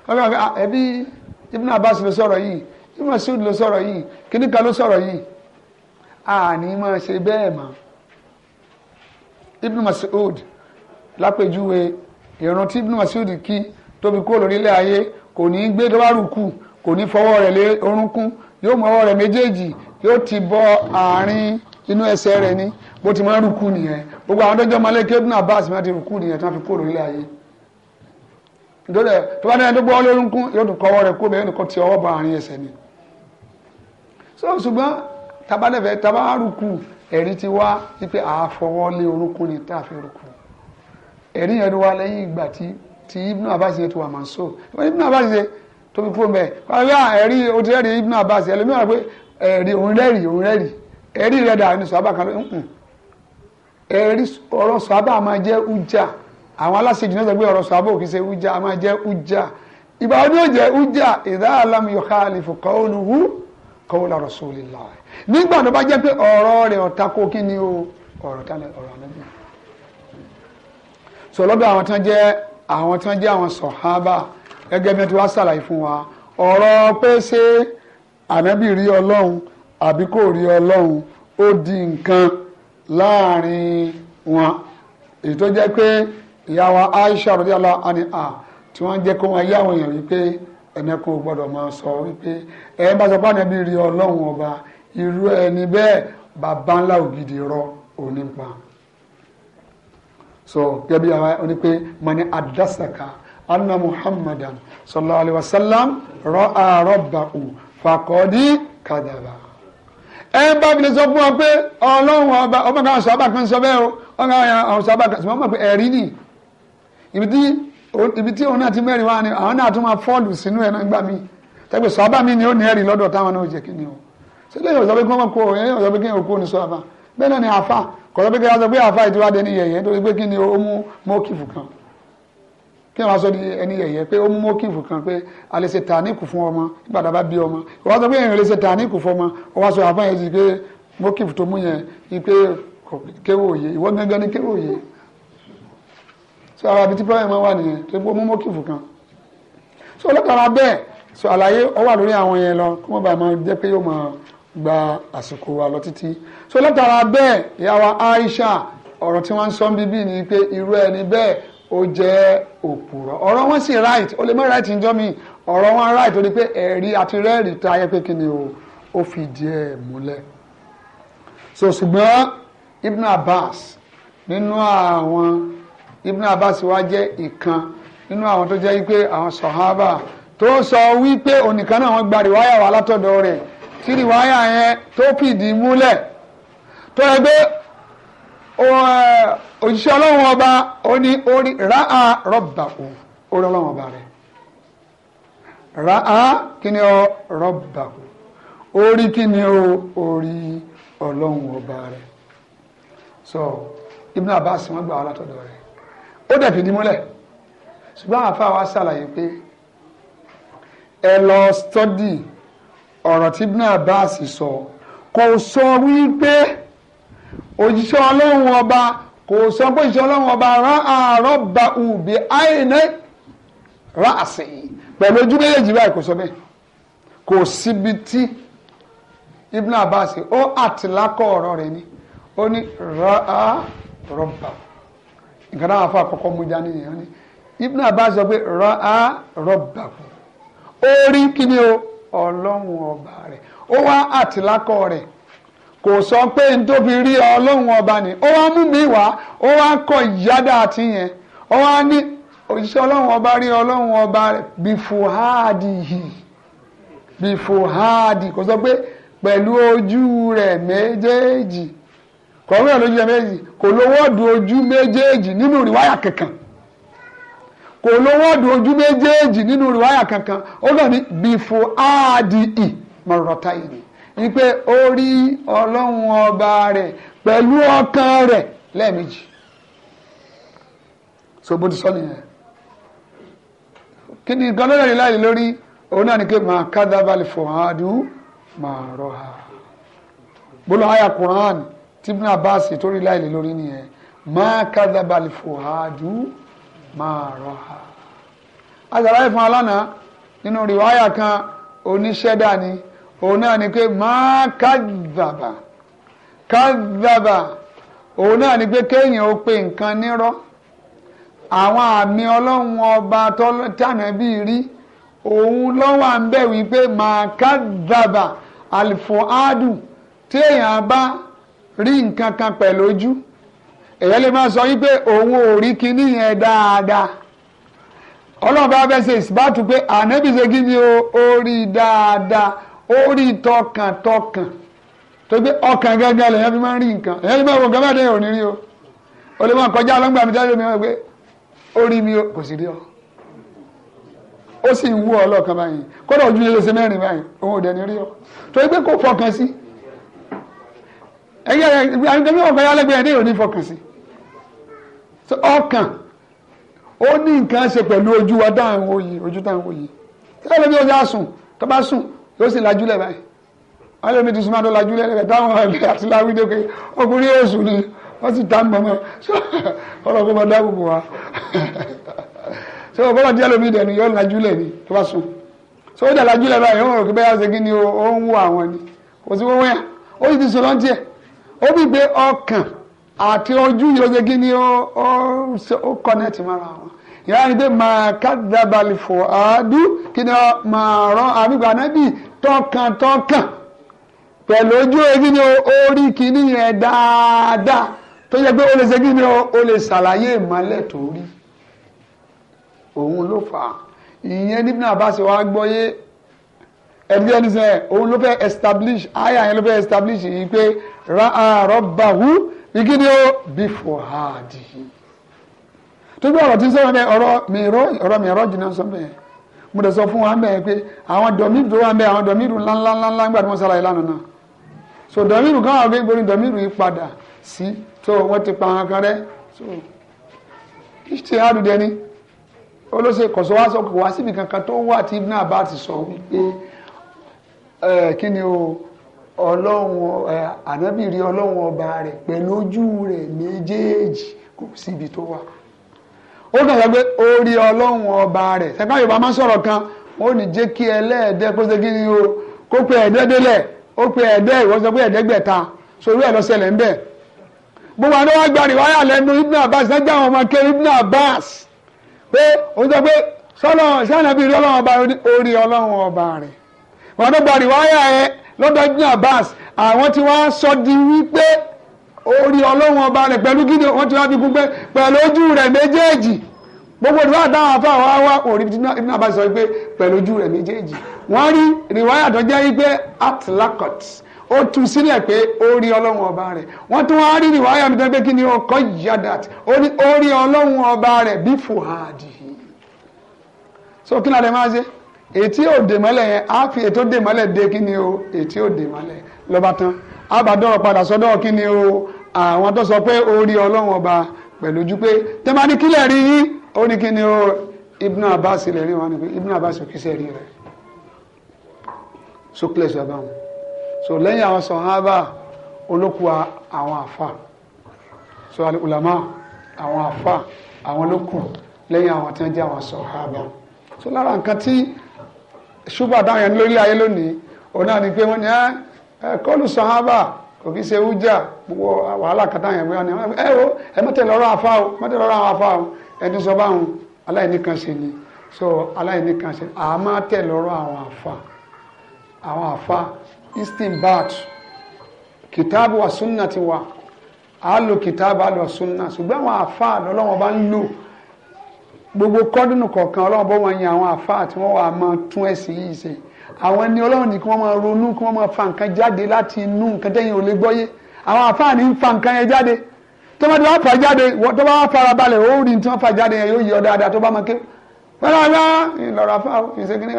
ọlọ́run pé ah, ẹbí Ibn Abbas ló sọ̀rọ̀ yìí Ibn Mas'ud ló sọ̀rọ̀ yìí kíníkà ló sọ̀rọ̀ yìí àní máa ṣe bẹ́ẹ̀ mọ́ Ibn Mas'ud lápèjúwe ìrun tí Ibn Mas'ud kí tóbi kúrò lórílẹ̀ ayé kò ní gbé tó bá rù kù kò ní fọwọ́ rẹ̀ lé orúnkún yóò mú ọwọ́ rẹ̀ méjèèjì yóò ti bọ àárín inú ẹsẹ̀ rẹ̀ ní bó ti máa rù nìyẹn gbogbo àwọn tó jẹ́ ọmọlẹ́kẹ́ Abbas máa ti rù nìyẹn tí wọ́n fi kúrò lórílẹ̀ ayé dole ẹ tó bá dáná tó gbọ́ lórúnkún yóò tún kọ́wọ́ rẹ̀ kó bẹ́ẹ̀ nìkan ti ọwọ́ bọ àárín ẹsẹ̀ ni. so ṣùgbọ́n tabalẹ̀fẹ̀ tabarùkù ẹ̀rí ti wá wípé àfọwọ́ lé orúnkún ni tá a fi rúkú ẹ̀rí yẹn wá lẹ́yìn ìgbà tí ti Ibn Abbas yẹn ti wà máa ń so Ibn Abbas yẹn tóbi kúrò mẹ́ẹ̀ wáyà ah, ẹ̀rí o ti eri Ibn Abbas ẹlòmíràn pé ẹ̀rí òun rẹ́rìí òun rẹ́rìí ẹ̀rí rẹ̀ dà ní sọ́ábà kan ẹ̀rí ọ̀rọ̀ sọ́ábà máa jẹ́ ujà àwọn aláṣejù náà sọ pé ọ̀rọ̀ sàbò kì í ṣe ujà a máa jẹ́ ujà ìgbà ọdún yóò jẹ́ ujà ìdá alam yukhalifu qawluhu qawla rasulillah nígbà tó bá jẹ́ pé ọ̀rọ̀ rẹ̀ ọ̀tá kó kí ni o ọ̀rọ̀ tán ọ̀rọ̀ ànábì sọ lọ́dọ̀ àwọn tán jẹ́ àwọn tán jẹ́ àwọn sọ̀hábà gẹ́gẹ́ bí wọ́n ṣàlàyé fún wa ọ̀rọ̀ pé ṣé ànábì rí ọlọ́run àbí kò rí ọlọ́run ó di nǹkan láàrin wọn èyí tó jẹ́ pé ìyàwó Aisha radiyallahu anha tí wọ́n jẹ́ kó wọn yá àwọn èèyàn wípé ẹnìkan ò gbọ́dọ̀ máa sọ wípé ẹ bá sọ pàdé bí rí ọlọ́run ọba irú ẹni bẹ́ẹ̀ bàbá ńlá ògidì rọ òní pa so gẹ́gẹ́ bí àwa oní mani adasaka anna muhammadan sallallahu alayhi wa sallam ra'a rabbahu faqadi kadaba ẹ bá fi lè sọ fún wa pé ọlọ́run ọba ọmọ kan sọ abá kan sọ bẹ́ẹ̀ o ọmọ kan sọ abá kan sọ bẹ́ẹ̀ o ẹ̀rí nìyí ibi tí ibi tí òun náà ti mẹ́rin wá ni àwọn náà tún máa fọ́ọ̀lù sínú ẹ̀ náà gbà mí tẹ́gbẹ́ sọ́ọ́bà mi ni ó ní ẹ̀rí lọ́dọ̀ táwọn náà jẹ́ kí ni o ṣé lẹ́yìn ọ̀sọ́ pé kí wọ́n kó o lẹ́yìn ọ̀sọ́ pé kí wọ́n kó o ní sọ́ọ́bà bẹ́ẹ̀ náà ni àfa kọ̀ sọ́ọ́ pé kí wọ́n sọ pé àfa ìtura dé ní yẹ̀yẹ́ torí pé kí ni ó mú mọ́kìfù kan kí wọ́n sọ ní ẹni yẹ̀yẹ́ pé ó mú mọ́kìfù kan pé a lè ṣe tàníkù fún ọmọ ìgbàdà bá bí ọmọ ìwọ́n sọ pé èèyàn lè ṣe tàníkù fún ọmọ ọwọ́ sọ àfa yẹn sì pé mọ́kìfù tó mú yẹn pé kéwòye ìwọ́n gángan ní kéwòye so ara ibi tí problem máa wà nìyẹn tó gbó mú mọ́kìfù kan so látara bẹ́ẹ̀ so àlàyé ó wà lórí àwọn yẹn lọ kó mọ̀ bá máa jẹ́ pé yóò máa gba àsìkò wa lọ títí so látara bẹ́ẹ̀ ìyá Aisha ọ̀rọ̀ tí wọ́n ń sọ bíbí ni pé irú ẹni bẹ́ẹ̀ ó jẹ́ òpùrọ̀ ọ̀rọ̀ wọn sì right ó lè mọ́ right njọ́ mi ọ̀rọ̀ wọn right ó di pé ẹ̀rí àti rẹ́ẹ̀rí ta ayẹ pé kí ni o ó fi díẹ̀ múlẹ̀ so ṣùgbọ́n Ibn Abbas nínú àwọn Ibn Abbas wa jẹ́ ìkan nínú àwọn tó jẹ́ wípé àwọn sọ̀hábà tó sọ wípé ònìkan náà wọ́n gba rìwáyà wa látọ̀dọ̀ rẹ̀ tí rìwáyà yẹn tó fìdí múlẹ̀ tó yẹ pé eh, òjíṣẹ́ ọlọ́run ọba ó ní orí ráà rọ́bà kù orí ọlọ́run ọba rẹ̀ ráà kí ni ọ rọ́bà orí kí ni o orí ọlọ́run ọba rẹ̀ so Ibn Abbas wọ́n gbà wá látọ̀dọ̀ rẹ̀ ó dẹ̀ fìdí múlẹ̀ ṣùgbọ́n àfa wa ṣàlàyé pé ẹ lọ stọ́dì ọ̀rọ̀ tí Ibn Abbas sọ kò sọ wípé òjíṣẹ́ ọlọ́run ọba kò sọ pé òjíṣẹ́ ọlọ́run ọba rán àárọ̀ bá ùbí àìní rà àsè pẹ̀lú ojú méjèèjì báyìí kò sọ bẹ́ẹ̀ kò síbi tí Ibn Abbas ó àtìlákọ̀ ọ̀rọ̀ rẹ̀ ni ó ní rà nǹkan náà fún àkọ́kọ́ mú dání yẹn ni Ibn Abbas sọ pé rọ á rọba kù ó rí kíni o ọlọ́run ọba rẹ̀ ó wá àtìlákọ rẹ̀ kò sọ pé n tó fi rí ọlọ́run ọba ni ó wá mú mi wá ó wá kọ ìyádà àti yẹn ó wá ní òṣìṣẹ́ ọlọ́run ọba rí ọlọ́run ọba rẹ̀ bífòhádì yìí bífòhádì kò sọ pé pẹ̀lú ojú rẹ̀ méjèèjì. kọ̀wé ọ̀nà ojú méjì kò lówó ojú méjèèjì nínú ìrìwáyà kankan kò lówó ojú méjèèjì nínú ìrìwáyà kankan ó kàn ní bìfò áàdìí yìí ni pé ó rí ọlọ́run ọba rẹ̀ pẹ̀lú ọkàn rẹ̀ lẹ́ẹ̀mejì so bó ti sọ nìyẹn kí ni lórí òun náà ni pé màá fò bá abbas torí láìlè lórí nìyẹn máa kádàbàlì fòhádù máa rọ ha. àgbàláyé fún alánà nínú rìwáyà kan oníṣẹ́dá ni òun náà ni pé máa kádàbà kádàbà òun náà ni pé kéèyàn ó pe nǹkan nírọ́ àwọn àmì ọlọ́run ọba tánà bíi rí òun lọ́wọ́ à ń bẹ̀ wípé máa kádàbà bá rí nǹkan kan pẹ̀lú ojú èyàn lè máa sọ wípé òun ò rí kinní yẹn dáadáa ọlọ́run bá fẹ́ ṣe ìsìbátu pé ànábì ṣe kí ni ó rí dáadáa ó rí tọkàntọkàn tó gbé ọkàn gángan lèyàn fi máa ń rí nǹkan èyàn lè máa wọ nǹkan báyìí ò ní rí o ó lè máa kọjá lọ́gbà mi jáde mi wọ́n pé ó rí mi kò sí rí ọ ó sì ń wú ọ lọ́ọ̀kan báyìí kódà ojú ilé ṣe mẹ́rin báyìí òun ò dẹ̀ ní rí ọ torí pé kò fọkàn sí ẹyẹ rẹ àyíkẹ́ mi ọ̀kan yálẹ́gbẹ́ ẹ̀ déyìí ò ní fọkàn sí ọkàn ó ní nǹkan ṣe pẹ̀lú ojú wa dáhùn òye ojú dáhùn òye tẹ́lẹ̀ lóbi ọjà sùn tó bá sùn yóò sì lajú lẹ̀ báyìí wọ́n lé mi ti súnmọ́ tó lajú lẹ̀ lẹ̀ táwọn ẹ̀mí àti láwídé pé ọkùnrin èṣù ni wọ́n sì ta mọ̀mọ́ ọ̀rọ̀ kó máa dáàbòbò wa so bọ́lá díẹ̀ lómi ìdẹ̀nu yóò lajú lẹ̀ ni tó bá sùn so ó dà lajú lẹ̀ báyìí ó rò pé bẹ́ẹ̀ ṣe kí ni ó ni kò ó bí pé ọkàn àti ojú yìí ó ṣe kí ni ó kọ́nẹ́tì mọ́ra wọn ìyá ni pé máa kádàbàlì fò àádú kí ni máa rán àbígbà nábì tọkàntọkàn pẹ̀lú ojú ẹbí ni orí kìíní yẹn dáadáa tó yẹ pé ó lè ṣe kí ni ó lè ṣàlàyé ìmọ̀lẹ̀ tó rí òun ló fà á ìyẹn níbi náà bá ṣe wá gbọ́yé ẹbí ẹni sẹ́yìn òun ló fẹ́ establish àyà yẹn ló fẹ́ establish yìí pé ra'a rabbahu bíkíni ó bí fuhadi tóbi ọ̀rọ̀ tí ń sọ̀rọ̀ bẹ́ẹ̀ ọ̀rọ̀ mìíràn ọ̀rọ̀ mìíràn jìnnà sọ bẹ́ẹ̀ mo dẹ̀ sọ fún wa bẹ́ẹ̀ pé àwọn dọ̀míìrù tó bẹ́ẹ̀ àwọn dọ̀míìrù ńláńláńlá nígbà tí wọ́n sára ìlànà so dọ̀míìrù kan wà pé gbóni yìí padà sí tó wọ́n ti pa àwọn kan rẹ́ so kìtì àdùdẹ ni olóṣè kọ̀sọ́ wa sọ kò wá síbi kankan tó wà tí Ibn Abbas sọ wípé kí ni o. ọlọ́run ànábì ọlọ́run ọba rẹ̀ pẹ̀lú ojú rẹ̀ méjèèjì kò síbi tó wà ó kàn sọ pé ó ọlọ́run ọba rẹ̀ sẹ́gbà yorùbá máa ń sọ̀rọ̀ kan ó ní jẹ́ kí ẹlẹ́ẹ̀dẹ́ kó ni o kó pe ẹ̀dẹ́ délẹ̀ ó pe ẹ̀dẹ́ ìwọ sọ pé ẹ̀dẹ́gbẹ̀ta sórí ẹ̀ lọ́sẹ̀lẹ̀ ń bẹ̀ gbogbo àwọn ọmọ agbárí wáyà Ibn Abbas àwọn ọmọ Ibn Abbas pé ó sọ pé ọlọ́run ọba rẹ̀ ọlọ́run ọba rẹ̀ lọ́dọ̀ Ibn Abbas àwọn tí wọ́n á sọ di wípé orí ọlọ́run ọba rẹ̀ pẹ̀lú gidi wọ́n ti wá fi kún pé pẹ̀lú ojú rẹ̀ méjèèjì gbogbo ìdúrà táwọn afa wa wá òrí Ibn Abbas sọ wípé pẹ̀lú ojú rẹ̀ méjèèjì wọ́n rí rìwáyà tó jẹ́ wípé atlakot ó tú sílẹ̀ pé ó rí ọlọ́run ọba rẹ̀ wọ́n tún wá rí rìwáyà mi tó pé kí ni ó kọ́ yadat ó ní ó ọlọ́run ọba rẹ̀ bí fuhadi so kí ni adé máa ṣe ètí òde mọ́lẹ̀ yẹn á fi ètò òde mọ́lẹ̀ dé kí ni o ètí òde mọ́lẹ̀ lọ́ba tán àbádọ́rọ̀ padà sọ́dọ̀ kí ni o àwọn tó sọ pé orí ọlọ́run ọba pẹ̀lú ojú pé tẹ́mání kílẹ̀ rí yín ó ní kí ni o Ibn Abbas lè rí wọn ni pé Ibn Abbas kì í sẹ́ rẹ̀ so clear sọ báwọn so lẹ́yìn àwọn sọ̀hábà olókù àwọn àfà so ulama àwọn àfà àwọn olókù lẹ́yìn àwọn tí wọ́n jẹ́ àwọn sọ̀hábà so lára nǹkan tí ṣùgbọ́n àtàwọn yẹn lórí ayé lónìí òun náà ni pé wọ́n ní ẹ kọ́lù sàhábà kò kí ṣe wújà gbogbo wàhálà kàtà yẹn bóyá ni ẹ o ẹ mọ̀tẹ́ lọ́rọ̀ afá o mọ̀tẹ́ lọ́rọ̀ àwọn afá o ẹni sọ báwọn aláìníkan ṣe ni so aláìníkan ṣe àmọ́ tẹ̀ lọ́rọ̀ àwọn afá àwọn afá istinbat kìtáàbù wa sunna ti wà á lo kìtáàbù á lo sunna ṣùgbọ́n àwọn afá lọ́lọ́wọ́n bá ń lò gbogbo kọ́dúnù kọ̀ọ̀kan ọlọ́run bọ́ wọn yan àwọn àfáà tí wọ́n wà máa tún ẹ̀sìn yìí ṣe àwọn ẹni ọlọ́run ní kí wọ́n máa ronú kí wọ́n máa fa nǹkan jáde láti inú nǹkan tẹ́yìn ò lè gbọ́yé àwọn àfáà ní ń fa nǹkan yẹn jáde tó bá ti wá fà jáde tó bá wá fara balẹ̀ ó rí tí wọ́n fà jáde yẹn yóò yọ dáadáa tó bá máa ké pẹ́lá ìlọ́ra fà ìṣe ni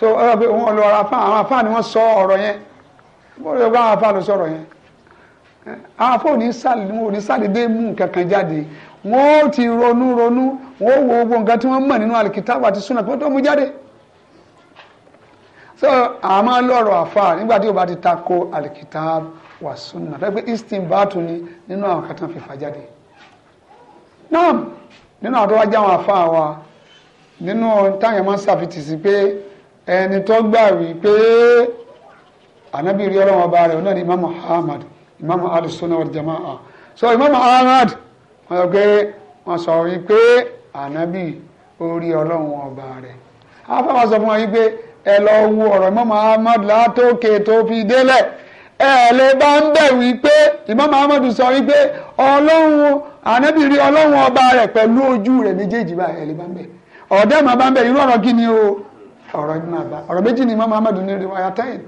wọ́n sọ ọ̀rọ̀ yẹn wọ́n ó ti ronú ronú wọ́n ó wo gbogbo nǹkan tí wọ́n mọ̀ nínú alikitaabu àti sunna kí wọ́n tó mú jáde so àwọn máa lọ́rọ̀ àfa nígbà tí o bá ti ta ko alikitaabu wà sunna fẹ́ pé easton bàtú ni nínú àwọn kan tó jáde náà nínú àwọn tó wá jáwọn àfa wa nínú táyà máa ń ṣàfitì sí pé ẹni tó gbà wí pé ànábì rí ọlọ́wọ́n ọba rẹ̀ ọ̀nà ni imam ahmad imam alusunna wal jamaa so imam ahmad wọ́n sọ pé wọ́n sọ wípé ànábì orí ọlọ́run ọba rẹ̀ afáwọn sọ fún wọn wípé ẹ lọ wo ọ̀rọ̀ Imam Ahmad látòkè tó fi délẹ̀ ẹ lè bá ń bẹ̀ wípé Imam Ahmad sọ wípé ọlọ́run ànábì rí ọlọ́run ọba rẹ̀ pẹ̀lú ojú rẹ̀ méjèèjì báyìí ẹ lè bá ń bẹ̀ ọ̀dẹ́ màá bá ń bẹ̀ irú ọ̀rọ̀ kí ni o ọ̀rọ̀ ibùn àbá ọ̀rọ̀ méjì ni Imam Ahmad ní riwaya ten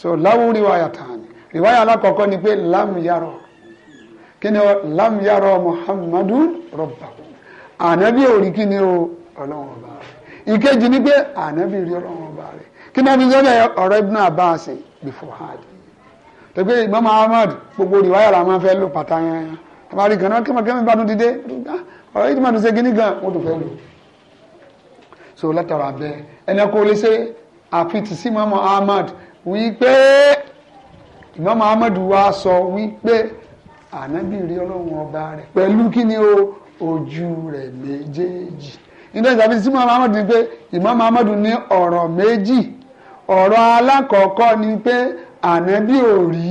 so láwùú riwaya tán riwaya alákọ̀ọ́kọ́ ni pé lámùyàrọ̀ kí ni lam yàrá muhammadu rọba ànábì òrí kí ni o ọlọ́run ọba rẹ̀ ìkejì ni pé ànábì rí ọlọ́run ọba rẹ̀ kí ni abiyá bẹ ọ̀rọ̀ ibùdó abáàsì beforehand tẹgbẹ́ imam ahmad gbogbo rìwáyà la máa fẹ́ lò pàtà yẹn àbárí kan náà kí màkẹ́mi bá tún yìí ti máa tún ṣe kíní gan wọ́n tún fẹ́ lò so látara bẹ́ẹ̀ ẹni kò lè ṣe àfitì sí imam ahmad wípé imam ahmad wá sọ wípé ànábì rí ọlọ́run ọba rẹ̀ pẹ̀lú kí ni o ojú rẹ̀ méjèèjì nígbà tí àbí símọ́ Muhammad ni pé ìmọ̀ Muhammad ní ọ̀rọ̀ méjì ọ̀rọ̀ alákọ̀ọ́kọ́ ni pé ànábì ò rí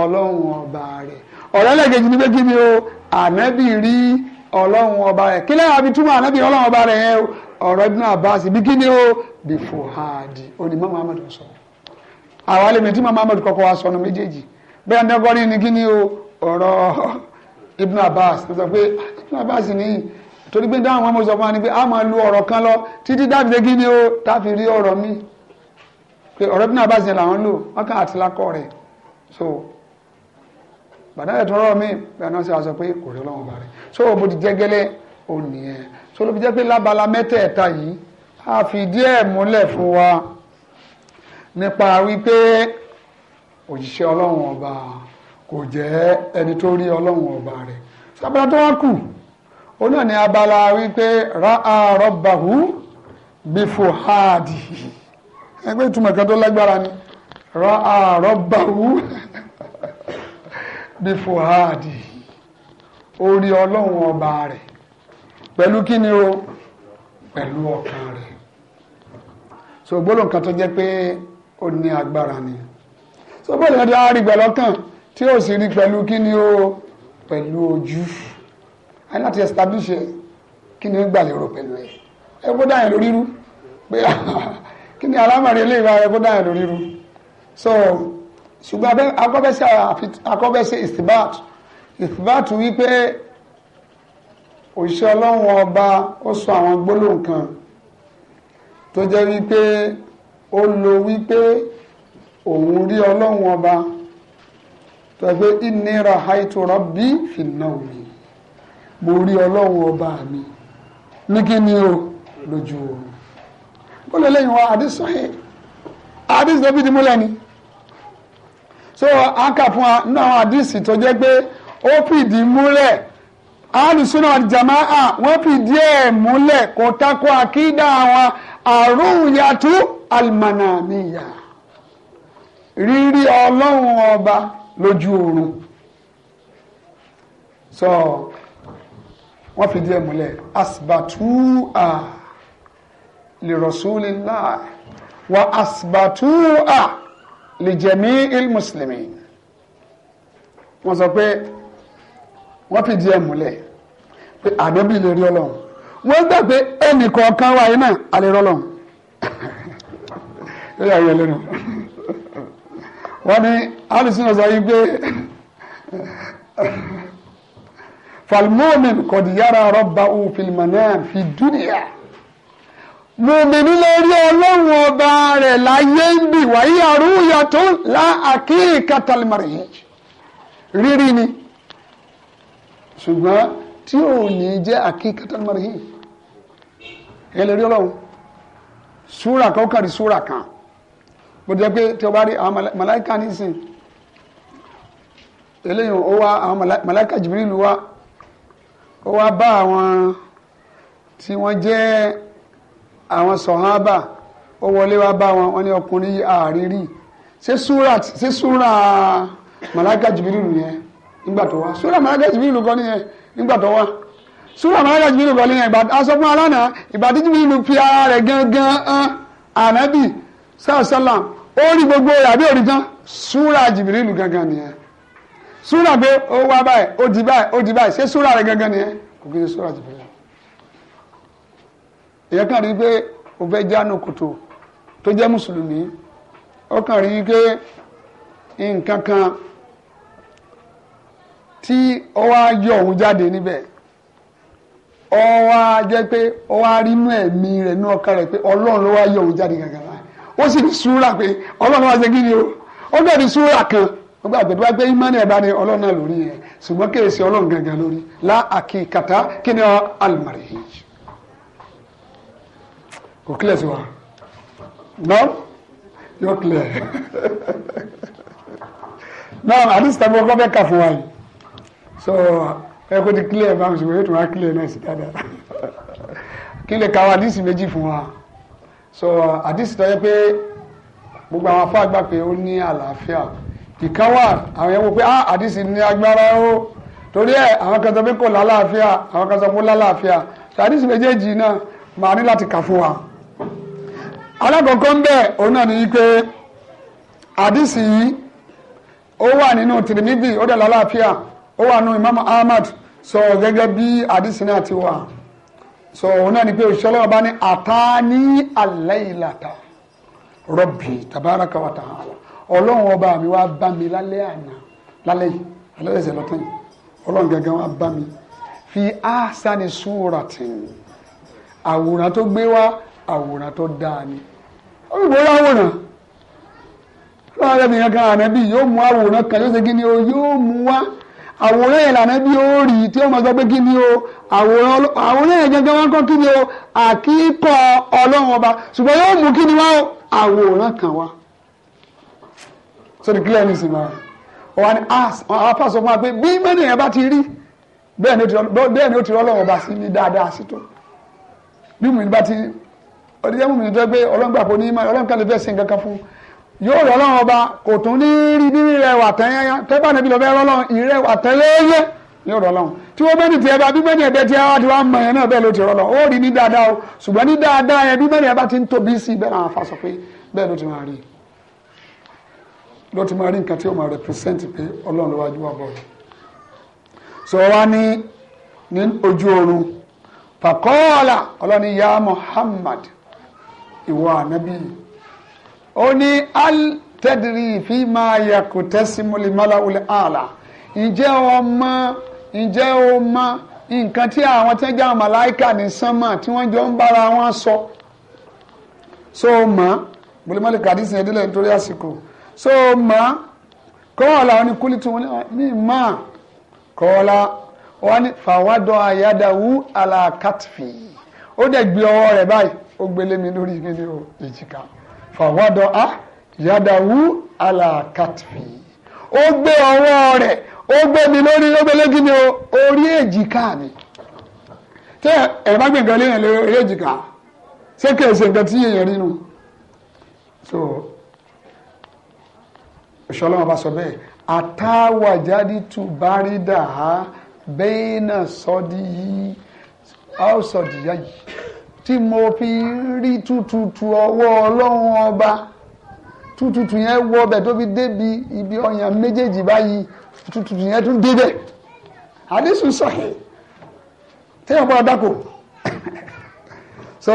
ọlọ́run ọba rẹ̀ ọ̀rọ̀ ẹlẹ́gẹ̀jì ni pé kí ni o ànábì rí ọlọ́run ọba rẹ̀ kí lẹ́yìn àbí túmọ̀ ànábì ọlọ́run ọba rẹ̀ yẹn ọ̀rọ̀ Ibn Abbas bí kí ni o bí fuhadi onímọ̀ Muhammad sọ àwọn alẹ́ mi tí mọ̀ kọ́kọ́ wa sọnù ọ̀rọ̀ Ibn Abbas tó sọ pé Ibn Abbas ní torí pé dáhùn ọmọ sọ fún wa ni pé a máa lu ọ̀rọ̀ kan lọ títí dábìlẹ̀ kí ni ó táfi rí ọ̀rọ̀ mi pé ọ̀rọ̀ Ibn Abbas yẹn làwọn lò wọ́n kàn àti lákọ̀ rẹ̀ so bàdá ẹ̀ tọrọ mi bàdá sì wá pé kò rí ọlọ́run bá rẹ̀ so bó ti jẹ́ gẹ́lẹ́ nìyẹn so ló fi jẹ́ pé lábala mẹ́tẹ̀ẹ̀ta yìí a fi díẹ̀ múlẹ̀ fún wa nípa wípé òjíṣẹ́ ọlọ́run ọba kò jẹ́ ẹni tó rí ọlọ́run ọba rẹ̀ sábàlá tó wá kù òun náà ní abala wípé ra'a rabbahu bifuhadi ẹgbẹ́ ìtumọ̀ kan tó lágbára ni ra'a rabbahu bifuhadi ó rí ọlọ́run ọba rẹ̀ pẹ̀lú kí ni o pẹ̀lú ọkàn rẹ̀ so gbólóǹkan tó jẹ́ pé ó ní agbára ni so bọ́ọ̀lù yẹn ti á tí ó sì rí pẹ̀lú kí ni ó pẹ̀lú ojú a ní láti establish ẹ kí ni ó gbà lérò pẹ̀lú ẹ ẹ kó dáhìn lórí rú pé kí ni alámọ̀rin ilé ìwà ẹ kó dáhìn lórí rú so ṣùgbọ́n akọ́bẹ́sẹ̀ akọ́bẹ́sẹ̀ istibat istibat wípé òṣìṣẹ́ ọlọ́run ọba ó sọ àwọn gbólóhùn kan tó jẹ́ wípé ó lo wípé òun rí ọlọ́run ọba tó pé ìnira haitu rabbi fìnnáwó mo rí ọlọ́run ọba mi ní kí ni o lójú oorun ó lè lẹ́yìn wa ni so a kà fún wa nínú àwọn tó jẹ́ pé ó fìdí múlẹ̀ wọ́n fìdí ẹ̀ múlẹ̀ kò takò àkídà àwọn àrùnyàtú ọba lójú oorun so wọ́n fi díẹ̀ múlẹ̀ asbatu'a li rasulillah wa asbatu'a li jami'il muslimin wọ́n sọ pé wọ́n fi díẹ̀ múlẹ̀ pé ànábì lè rí ọlọ́run wọ́n gbà pé ẹnì kọ̀ọ̀kan wáyé náà alẹ́ rọ́lọ́run lórí àwọn ẹlẹ́nu wọ́n ní alùsùn sọ yìí pé falmomin kọ̀díyára rọ́bà òfìlmọ̀nà fi dúnìyà mòmìnì lórí ọlọ́run ọba rẹ̀ láyé ń bì wáyé àrùyà tó la àkíkà talimari yìí rírí ni ṣùgbọ́n tí ò ní jẹ́ àkíkà talimari yìí ẹ lè rí ọlọ́run súra kan súra kan bó jẹ́ pé tí o rí àwọn màláìka nísìnyí. eléyìí ó wá àwọn màláíkà jìbìrìlù wá ó wá bá àwọn tí wọ́n jẹ́ àwọn sọ̀hábà ó wọlé wá bá wọn wọ́n ní ọkùnrin àárírí ṣé súrà ṣé súrà malaka jibirilu yẹn nígbà tó wá súrà malaka jibirilu kan nìyẹn nígbà tó wá fi ara rẹ̀ gangan hàn ànábì ó rí gbogbo rẹ̀ àbí gangan nìyẹn sura pé ó wá báyìí ó di báyìí ó di báyìí ṣé sura rẹ̀ gangan nìyẹn kò kí ni ti bẹ̀rẹ̀ èyàn kàn rí pé ó fẹ́ jánu kòtò tó jẹ́ mùsùlùmí ó kàn rí pé nǹkan kan tí ó wá yọ òun jáde níbẹ̀ ó wá jẹ́ pé ó wá rí inú ẹ̀mí rẹ̀ inú ọkàn rẹ̀ pé ọlọ́run ló wá yọ òun jáde gangan ó sì ní pé ọlọ́run ni o ó bẹ̀rẹ̀ kan. ó gbàgbé tó bá gbé ìmánì ẹ̀ bá ní ọlọ́run náà lórí yẹn ṣùgbọ́n kì í ṣe ọlọ́run gangan lórí lá àkìkàtà kí ni alimari yìí kò kílẹ̀ sí wa nọ yóò kílẹ̀ náà àdìsí tàbí ọkọ bẹ́ẹ̀ kà fún wa yìí so ẹ kó ti kílẹ̀ bá mi ṣùgbọ́n yóò tún wá kílẹ̀ náà sí dáadáa kí lè àdìsí méjì fún wa so àdìsí tó yẹ pé gbogbo àwọn afọ àgbà pé ó ní àlàáfíà ìkan wà àwọn yẹn wò pé ah àdìsí ní agbára o torí ẹ àwọn kan sọ pé kò lálàáfíà àwọn kan sọ pé lálàáfíà àdìsí méjèèjì náà màá ní láti kà fún wa alákọ̀ọ́kọ́ ń bẹ̀ òun náà ní pé àdìsí yìí ó wà nínú tìrìmídì ó dẹ̀ lálàáfíà ó wà nínú Imam Ahmad sọ gẹ́gẹ́ bí àdìsí náà ti wà so òun náà ni pé òṣìṣẹ́ ọlọ́run bá ní àtàní aláìlàtà rọ́bì tabaraka wa ta'ala ọlọ́run ọba mi wá bá mi lálẹ́ àná lálẹ́ yìí alẹ́ ẹ̀sẹ̀ lọ́tàn yìí ọlọ́run gẹ́gẹ́ wá bá mi fi ahsani suratin àwòrán tó gbé wá àwòrán tó dáa ni ó fi wọ́n láwòrán lọ́wọ́ rẹ̀ mi kankan ànábì yóò mú àwòrán kan yóò ṣe kí ni o yóò mú wá àwòrán yẹn lànàbí ó rí tí ó máa sọ pé kí ni o àwòrán àwòrán yẹn gẹ́gẹ́ wọn kọ́ kí ni o àkíkọ́ ọlọ́run ọba ṣùgbọ́n yóò mú kí ni wá àwòrán kan wá sórí clear nísìnyí ma wọn ni as ah, àwọn apáṣọ fún wa pé bí mẹ́rin yẹn bá ti rí bẹ́ẹ̀ ni ó ti rọ́lọ́wọ́ bá sí ní dáadáa sí tó bí mi bá ti ọdíjẹ́ mú mi tó pé ọlọ́ngbà kò ní ọlọ́ngbà lè fẹ́ sin kankan fún yóò rọ́lọ́wọ́ bá kò tún ní rí bí rẹ̀ wà tẹ́yẹ́yá tẹ́bà níbi lọ́bẹ̀ rọ́lọ́wọ́ ìrẹ́ wà tẹ́lẹ́yẹ́ yóò rọ́lọ́wọ́ tí wọ́n mẹ́rin tiẹ̀ bá bí mẹ́rin ẹ̀bẹ̀ tí wọ́n ti wá mọ̀ yẹn náà bẹ́ẹ̀ ló ti rọ́lọ́ ó rí ní dáadáa ṣùgbọ́n ní dáadáa yẹn bí mẹ́rin ẹ̀ ti ń tóbi sí bẹ́ẹ̀ náà fa sọ pé bẹ́ẹ̀ ló ti máa rí i ló ti máa rí nǹkan tí ó máa represent pé ọlọ́run ló wájú wà bọ̀ yìí so wá ní ní ojú oorun fàkọ́ọ̀là ọlọ́ni ya Muhammad ìwọ ànábì ó ní al tẹ́dìrì fi máa yàkù tẹ́símọ́lì mọ́láwùlẹ̀ àlà ǹjẹ́ o mọ̀ ǹjẹ́ o mọ̀ nǹkan tí àwọn tẹ́jà màláìkà ní sánmà tí wọ́n jọ ń bára wọn sọ so ma bùlẹ́mọ́lì kàdísìn ẹ̀dílẹ̀ nítorí àsìkò so mà kọ́ọ̀lá wọn ni kúlítù wọn ni mà kọ́ọ̀lá wọn ni fàwádọ́ àyádáwú alákàtìfì ó dẹ̀ gbé ọwọ́ rẹ̀ báyìí ó gbélé mi lórí ìgbélé o èjìká fàwádọ́ àyádáwú alákàtìfì ó gbé ọwọ́ rẹ̀ ó gbé mi lórí ó gbélé kí ni o orí èjìká mi tẹ ẹ̀rọ bá gbẹ̀ngàn lé yẹn lórí èjìká ṣé kèé ṣe nǹkan tí yẹn rí nu so ìṣọlọ́wọ́n bá sọ bẹ́ẹ̀ àtàwàjáde tu bárìdà á bẹ́ẹ̀ náà sọ́dí yìí a ó sọ̀dí yá yìí tí mo fi rí tútùtù ọwọ́ ọlọ́run ọba tútùtù yẹn wọ ọbẹ̀ tó fi débi ibi ọyàn méjèèjì báyìí tútùtù yẹn tún débẹ̀ àdísù sọ̀hìn téèyàn bá dákò so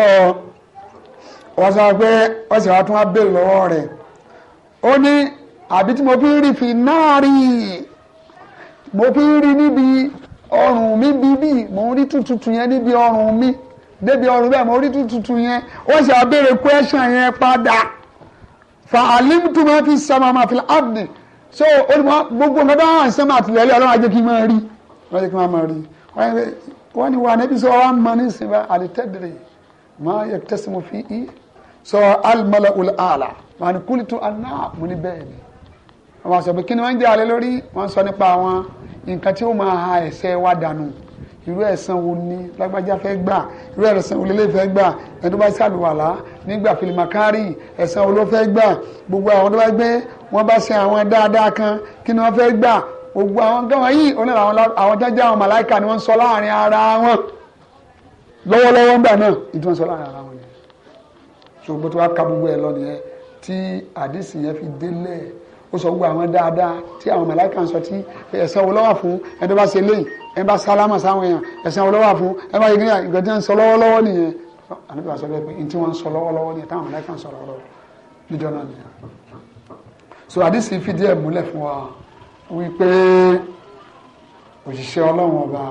wọ́n sọ pé wọ́n sì wá tún wá béèrè lọ́wọ́ rẹ̀ ó ní àbí tí mo fi ń rí fi náà rí mo fi ń rí níbi ọrùn mi bíbí mo rí tututu yẹn níbi ọrùn mi débi ọrùn bẹ́ẹ̀ mo rí tututu yẹn ó ṣe àbẹ̀rẹ̀ question yẹn padà fàálìm tó máa fi sàmà máa fi àbùdì so olùmọ gbogbo nǹkan bá wà ní sẹ́mà àtìlẹ́lẹ́ ọlọ́run ajé kí n máa rí ọlọ́run ajé kí n máa rí wọ́n ní wà níbi sọ wà mọ́ ní sinmi àdìtẹ́dìrì máa yẹ tẹ́sí mo fi í sọ alimọ́lẹ̀ olùhàlà màá ní kúlìtù anáà mo ní bẹ́ẹ̀ ni wọ́n sọ pé kí ni wọ́n ń jẹ́ alẹ́ lórí wọ́n sọ nípa àwọn nǹkan tí ó máa ha ẹ̀ṣẹ̀ wa dànù irú ẹ̀san wo ni lágbájá fẹ́ gbà irú ẹ̀san wo lélẹ́ fẹ́ gbà ẹni tó bá ṣàlùwàlá nígbà fìlìmàkárì ẹ̀san wo ló fẹ́ gbà gbogbo àwọn tó bá gbé wọ́n bá ṣe àwọn dáadáa kan kí ni wọ́n fẹ́ gbà gbogbo àwọn gánwà yìí oní àwọn jájá àwọn màláìka ni wọ́n ń sọ láàrin ara wọn lọ́wọ́lọ́wọ́ ńgbà náà ìdí wọ́n sọ láàrin ara wọn ni ṣùgbọ́n tó wá ka gbogbo ẹ̀ lọ nìyẹn tí àdìsí yẹn fi délẹ̀ ó sọ gbogbo àwọn dáadáa tí àwọn màláìka ń sọ tí ẹ̀san wo ló wà fún ẹni tó bá ṣe léyìí ẹni bá sálámà sáwọn èèyàn ẹ̀san wo ló wà fún ẹni bá yẹ kíni ìgbà tí wọ́n ń sọ lọ́wọ́lọ́wọ́ nìyẹn àníbi wàá sọ bẹ́ẹ̀ pé ntí wọ́n ń sọ lọ́wọ́lọ́wọ́ nìyẹn táwọn màláìka ń sọ lọ́wọ́lọ́wọ́ níjọ́ náà nìyẹn. so àdìsí fìdí ẹ̀ múlẹ̀ fún wa wípé òṣìṣẹ́ ọlọ́run ọba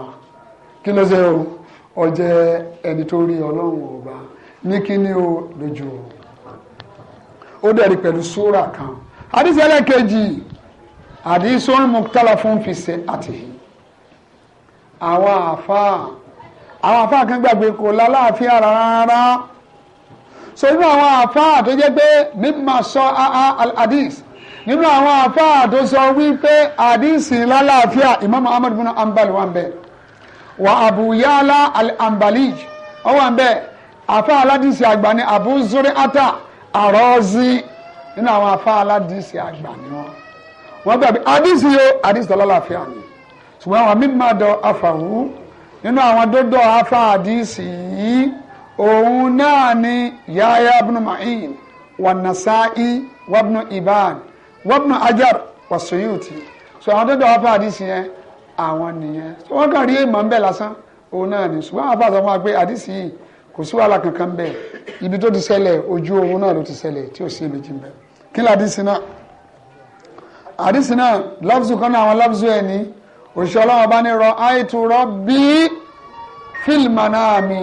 kí ló ṣe o ọ jẹ́ ẹni tó rí ọlọ́run ó dẹ̀rí pẹ̀lú súrà kan àdìsí ẹlẹ́kejì àdìsí mọ̀tálà fún fìṣẹ́ àti àwọn àfáà àwọn àfáà kan gbàgbé kò lálàáfíà rárá so nínú àwọn àfáà tó jẹ́ pé mímọ sọ àdìs nínú àwọn àfáà tó sọ wípé àdìsí lálàáfíà Imam Ahmad bin Ambali wà ń bẹ wà àbúyálà al-Ambali ọ wà ń bẹ àfáà aládìsí àgbà ni àbúzúrí ata àrọ́ọ́sí nínú àwọn afá aládìsí àgbà ni wọn wọn gbà pé àdìsí o àdìsí tó lálàáfíà ni ṣùgbọ́n àwọn mímọ́ dọ afàwù nínú àwọn dódò afá àdìsí yìí òun náà ni yahya ibn ma'in wa nasa'i wa ibn iban ajar wa suyuti so àwọn dódò afá àdìsí yẹn àwọn nìyẹn so wọn kàn rí èèmọ̀ ń bẹ̀ lásán òun náà ni ṣùgbọ́n afá sọ fún àdìsí yìí kò sí wàhálà kankan bẹ́ẹ̀ ibi tó ti ṣẹlẹ̀ ojú owó náà ló ti ṣẹlẹ̀ tí ò sí ibi jí kí ni àdìsí náà àdìsí náà lábùsù kan náà àwọn lábùsù ẹ̀ ní òṣìṣẹ́ ọlọ́wọ́ bá ní rọ àìtúrọ́ bí fílmà náà mi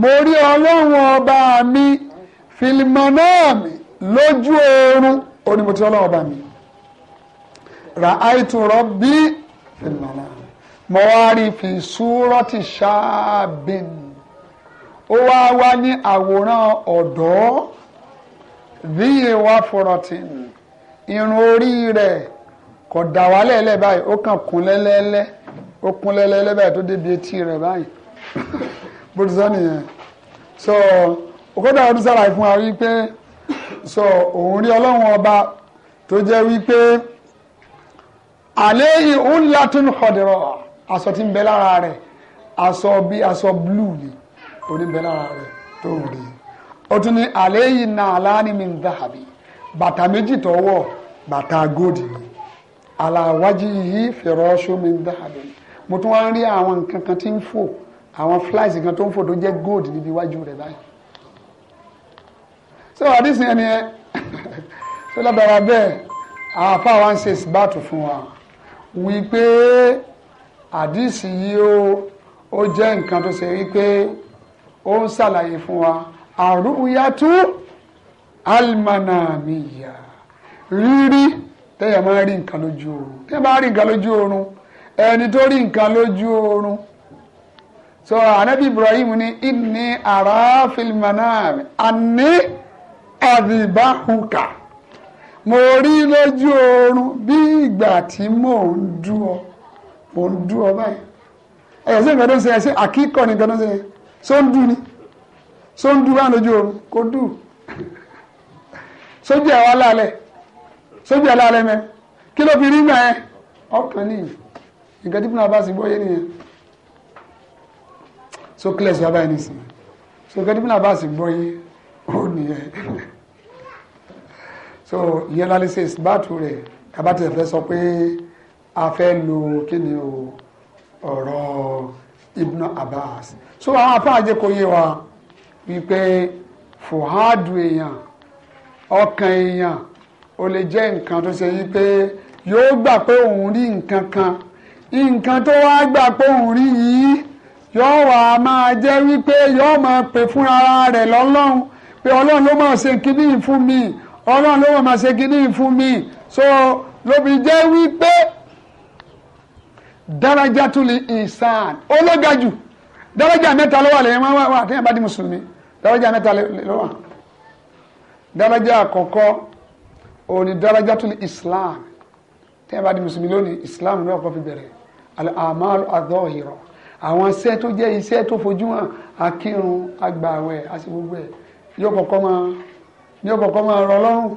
mo rí ọlọ́run ọba mi fílmà mi lójú oorun ó ní mo ti ọlọ́run ọba mi rà àìtúrọ́ bí fílmà náà mo wá rí fi súrọ́tì ṣáàbìn ó wá wá ní àwòrán ọ̀dọ́ bí ìwà fọ̀rọ̀tìn irun orí rẹ̀ kò dà wálẹ̀ lẹ́ báyìí ó kàn kún lẹ́lẹ́lẹ́ ó kún lẹ́lẹ́lẹ́ báyìí tó débi etí rẹ̀ báyìí bó nìyẹn so òkúta ọdún sàlàyé fún wa wípé so òun rí ọlọ́run ọba tó jẹ́ wípé àlẹ́ yìí ó ń látún kọ̀dọ̀rọ̀ aṣọ tí ń bẹ lára rẹ̀ aṣọ bíi aṣọ blue ni oníbẹ̀lára rẹ̀ tó ń na ó tún ní àléyìn náà láàánú mi ń dáhàbí bàtà méjì tó wọ̀ bàtà góòdì ni aláwájú yìí fẹ̀rọ̀ ṣómi ń mo tún wá ń rí àwọn nǹkan kan tí ń fò àwọn flies kan tó ń fò tó jẹ́ góòdì níbi iwájú rẹ̀ báyìí so àdìsí ẹni ẹ tó lábàrá bẹ́ẹ̀ àwọn afá wa ń ṣe ìsìbáàtù fún wa wípé àdìsí yìí ó jẹ́ nǹkan tó ṣe wípé ó ń ṣàlàyé fún wa àrùyàtú almanamiya rírí tẹ́yà máa rí nǹkan lójú oorun tẹ́yà máa rí nǹkan lójú oorun ẹni tó rí nǹkan lójú oorun so anabi ibrahim ní inni ara filmanami ani adibahuka mo rí lójú oorun bí ìgbà tí mò ń dú ọ mò ń dú ọ báyìí ẹ̀yẹ́sẹ̀ nǹkan tó ń ṣe ẹ̀ṣẹ̀ àkíkọ̀ nǹkan tó ń ṣe ẹ̀ṣẹ̀ ṣó ń dùn ni ṣó ń dùn bá lójú oorun kò dùn sójú ẹ̀ wá lálẹ́ sójú ẹ̀ lálẹ́ mẹ́ kí ló fi rí gbà yẹn ọkàn nìyí nǹkan tí fúnra bá sì gbóyè nìyẹn so clear sí abáyé nìsín so nǹkan tí fúnra bá sì gbóyè ó nìyẹn so ìyẹn analysis báàtú rẹ̀ kaba tẹ̀ fẹ́ sọ pé a fẹ́ lo kí ni o ọ̀rọ̀ Ibn Abbas so àwọn apáàjẹ kò yé wa wípé fòhádù èèyàn ọkàn èèyàn ò lè jẹ́ nǹkan tó ṣe wípé yóò gbà pé òun rí nǹkan kan nǹkan tó wá gbà pé òun rí yìí yóò wà á máa jẹ́ wípé yóò máa pè fún ara rẹ̀ lọ́lọ́run pé ọlọ́run ló máa ṣe kíní fún mi ọlọ́run ló máa ṣe kíní fún mi so lóbi jẹ́ wípé darajatul insan ó ló ga jù daraja mẹ́ta ló wà lẹ́yìn máa wà téèyàn bá di mùsùlùmí daraja mẹ́ta ló wà daraja àkọ́kọ́ òun ni daraja tún islam téèyàn bá di mùsùlùmí lónìí islam ló kọ́ fi bẹ̀rẹ̀ al-amal adọ́hìrọ̀ àwọn iṣẹ́ tó jẹ́ iṣẹ́ tó fojú hàn akírun agbàwẹ̀ àti gbogbo ẹ̀ yóò kọ́kọ́ máa yóò kọ́kọ́ máa rọ lọ́rùn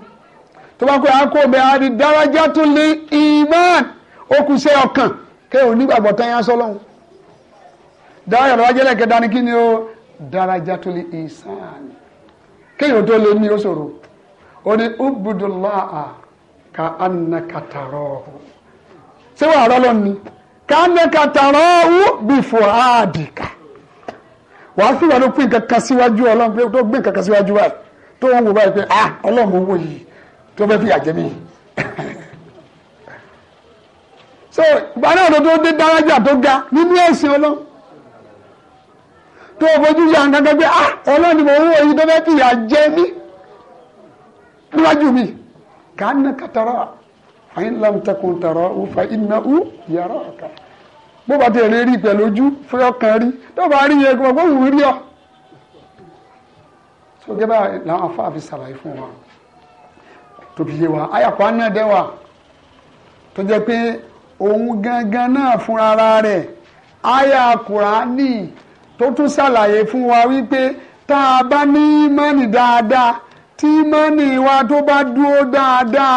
tó bá pẹ́ àkó bẹ́ẹ̀ á di daraja tún lé iman okùnṣẹ́ ọkàn kéèyàn onígbàgbọ́ tán yá sọ́lọ́run dáhàyà lọ́wọ́ jẹ́lẹ̀ kẹta ni kí ni ó daraja tó lè ìsàn kéèyàn tó lè ní ó ṣòro ó ní ubudulaha ka anakatarọ́ọ̀hù ṣé wàá rọ́ lọ́ni ka anakatarọ́ọ̀hù bìfọ̀ àdìkà wàá fi wàá ló pín kankan síwájú ọlọ́run pé tó gbé kankan síwájú wa tó ń wò báyìí pé ah ọlọ́run mo wò yìí tó fẹ́ fi àjẹ́ mi so ìgbà náà tó dé daraja tó ga nínú ẹ̀sìn ọlọ́run tó o fojú yà ń pé ah ọlọ́run ni mo ń wọ yìí tó fẹ́ fìyà jẹ mí níwájú mi kàánà kàtàrà àyìn lamtakùn tàrà òfà iná ú yàrá ọ̀ka bó bá tẹ̀ lé rí pẹ̀lú ojú fẹ́ ọkàn rí tó bá rí yẹn gbọ́n gbọ́n wù rí ọ. tó gẹ́gẹ́ báyìí làwọn afáàfin ṣàlàyé fún wa tó yé wa àyàpá náà dẹ́ wa tó jẹ́ pé òun gangan náà fúnra rẹ̀ àyà Kùránì tó tún ṣàlàyé fún wa wípé tá a bá ní ìmánì dáadáa tí ìmánì wa tó bá dúró dáadáa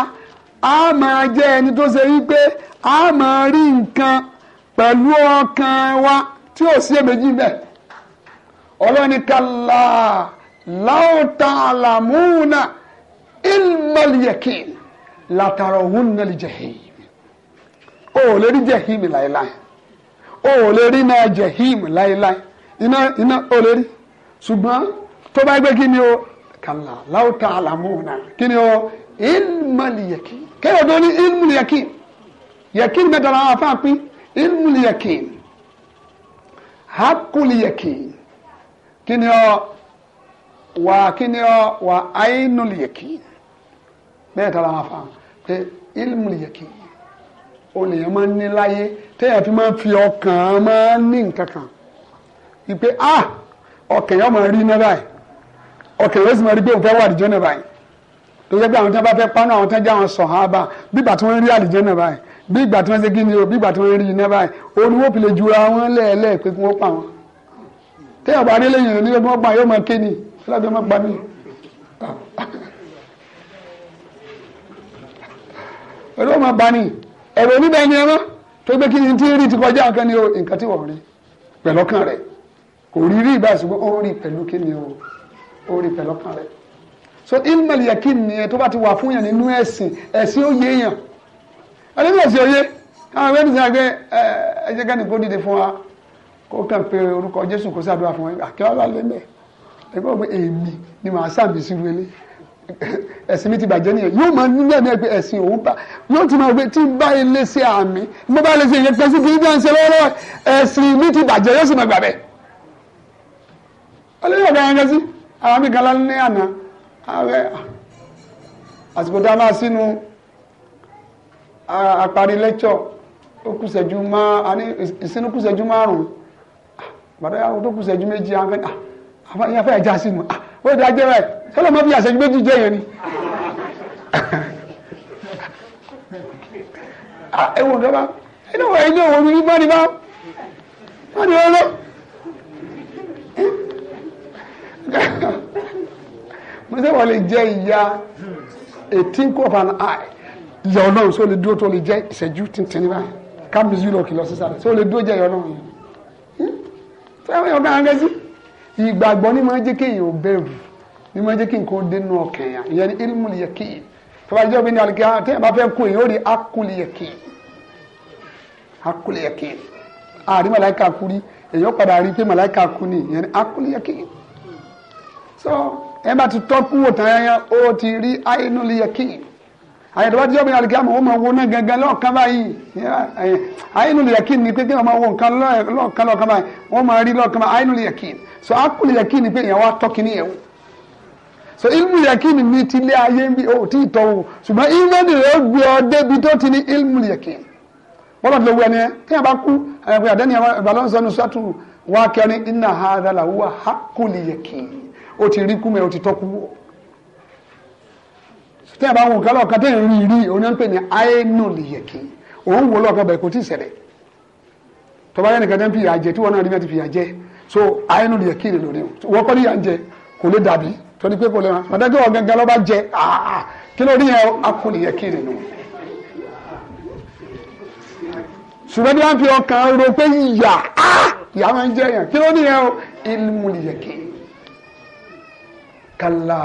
a máa jẹ́ ẹni tó ṣe wípé a máa rí nǹkan pẹ̀lú ọkàn wa tí ò sí èméjì bẹ́ẹ̀ ọlọ́ni kàlá láòtà àlàmúnà ilmọ̀lìyẹ̀kìn látara òun náà lè jẹ̀hìm o lè rí jẹ̀hìm láéláé o lè rí náà jẹ̀hìm láéláé iná iná ó lè rí ṣùgbọ́n tó bá gbé kí ni o kàlà láwùtà àlàmúhùnà kí ni o ìmọ̀lìyẹ̀kì kéèyàn tó ní ìmọ̀lìyẹ̀kì yẹ̀kì mẹ́ta làwọn afáà pín ìmọ̀lìyẹ̀kì hakuliyẹ̀kì kí ni o wà kí ni o wà àìnuliyẹ̀kì mẹ́ta làwọn afáà pé ìmọ̀lìyẹ̀kì olèyàn máa ń ní láyé téèyàn fi máa ń fi ọkàn máa ń ní nǹkan kan wípé ah ọkàn yẹn ọmọ rí iná báyìí ọkàn yẹn ó sì máa rí pé òun fẹ́ wà àdìjọ́ náà báyìí tó jẹ́ pé àwọn tí wọ́n bá fẹ́ pánú àwọn tí wọ́n jẹ́ àwọn sọ̀hábà bí ìgbà tí wọ́n rí àlìjẹ́ náà báyìí bí ìgbà tí wọ́n ṣe kí ni o bí ìgbà tí wọ́n rí iná báyìí òun ni wọ́n fi lè ju ara wọn lẹ́ẹ̀lẹ́ pé kí wọ́n pa wọn. téèyàn bá nílé yìnyín nílé wọn gbà yóò máa ké ni ọlọ́dún máa gbà mí. olóò máa bá ní ẹ tó gbé kí ni tí ń rí ti kọjá nǹkan ni o nǹkan tí wọ́n rí pẹ̀lọ́kàn rẹ̀ kò rí rí ìgbà ṣùgbọ́n ó rí pẹ̀lú kí ni o ó rí pẹ̀lú ọkàn rẹ̀ so ilmọ̀lì yẹ kí ni ẹ tó bá ti wà fún yàn nínú ẹ̀sìn ẹ̀sìn ó yé yàn ẹlẹ́mi ẹ̀sìn ó yé káwọn ẹgbẹ́ nìyẹn gbé ẹjẹ́ gẹ́ni kó dìde fún wa kó kàn pé orúkọ Jésù kó ṣàdúrà fún wa àkẹ́wà bá lé mẹ́ ẹgbẹ́ ògbé èmi ni màá sàmì sírú ilé ẹ̀sìn mi ti bàjẹ́ nìyẹn yóò máa nílẹ̀ mi ẹgbẹ́ ẹ̀sìn òun bá yóò ti máa gbé tí bá ilé ṣe àmì bó bá ilé ṣe ìyẹn pẹ́sí kì í bá ń ṣe lọ́wọ́lọ́wọ́ ẹ̀sìn mi ti bàjẹ́ yóò sì máa gbà bẹ́ẹ̀ ọlọ́yìn ọ̀gá yẹn kẹ́sí àwọn mi kan lálẹ́ ní àná ààrẹ àsìkò tá a máa sínú àparí lẹ́kṣọ̀ ó kù ìṣẹ́jú máa àní ìsinú kù ìṣẹ́jú márùn-ún bàtà yà tó kù ìṣẹ́jú méjì àwọn fẹ́ẹ́ àwọn ìyá fẹ́ẹ́ já sínú ó dá jẹ́ báyìí sọ́lá máa fi àṣẹjú méjì jẹ́ yẹn ni ẹ̀wọ̀n dọ́ba inú ẹ̀yìn náà wọ́n ní bá ní bá wọ́n ní wọ́n lọ mo ṣe wọ́n lè jẹ́ ìyá a think of an eye ìyá ọlọ́run sọ lè dúró tó lè jẹ́ ìṣẹ́jú tìǹtìǹ báyìí káàmì zúlọ kìlọ̀ sísàlẹ̀ sọ lè dúró jẹ́ ìyá ọlọ́run yẹn sẹ́wọ́n yọ̀ ká ń gẹ́sí ìgbàgbọ́ ni máa ń jẹ́ kéèyàn ò bẹ̀rù ni máa ń jẹ́ kí nǹkan dénú ọkàn yẹn ìyẹn ni irimu lè yẹ kéèyàn tọ́ba jẹ́ obìnrin àlùkí àwọn tẹ́yìn bá fẹ́ kú èyí ó rí akúlẹ̀ yẹ kéèyàn akúlẹ̀ yẹ kéèyàn àrí màláìka kú rí èyí ó padà rí pé màláìka kú ni ìyẹn ni akúlẹ̀ yẹ kéèyàn so ẹ bá ti tọ́ kúwò tán yẹn ó ti rí àyínú lè yẹ kí àyẹ̀dọ̀ bá ti jọ́ bí alẹ́ kíámù ó máa wo náà gangan lọ́ọ̀kan báyìí àyínú lè yẹ kí ni pé kí wọ́n máa wo nǹkan lọ́ọ̀kan lọ́ọ̀kan báyìí wọ́n máa rí lọ́ọ̀kan báyìí àyínú lè yẹ kí ni so àkùn lè yẹ kí ni pé ìyẹn wá tọ́ kí ni yẹn so ilmu yẹ kí ni mi ti lé ayé bí o tí ì tọ́ o ṣùgbọ́n ìmọ̀ni rẹ̀ ó gbé ọ débi tó ti ní ilmu yẹ kí ni bọ́lá ti lè wẹ ni ẹ kí yẹn bá kú ẹ̀ pé àdéhùn ìbálòsọ́nù sọ́tù wá kẹrin inna hadha la huwa haqqul ó ti rí kúmẹ̀ ó ti tọ́kú tẹ́ ẹ̀ bá wọn kálọ̀ kan tẹ́yìn rí rí òun náà ń pè ní àìnù lìyẹ̀kì òun wò lọ́ọ̀kan bẹ̀ kò tí ì tọ́ba yẹn nìkan tẹ́ ń fi ìyà jẹ tí wọn náà rí mẹ́tì fi ìyà jẹ so àìnù lìyẹ̀kì rẹ̀ lórí o wọ́n kọ́ ní ìyà ń jẹ kò lè dàbí torí pé kò lè hàn mọ̀dájọ́ wọn gangan lọ́ba jẹ kí ló rí yẹn akọ lìyẹ̀kì rẹ̀ nù. ṣùgbọ́n bí wọ́n fi ọkàn ro pé ìyà ìyà máa ń jẹ yẹn kí ló rí yẹn ilmu lìyẹ̀kì كلا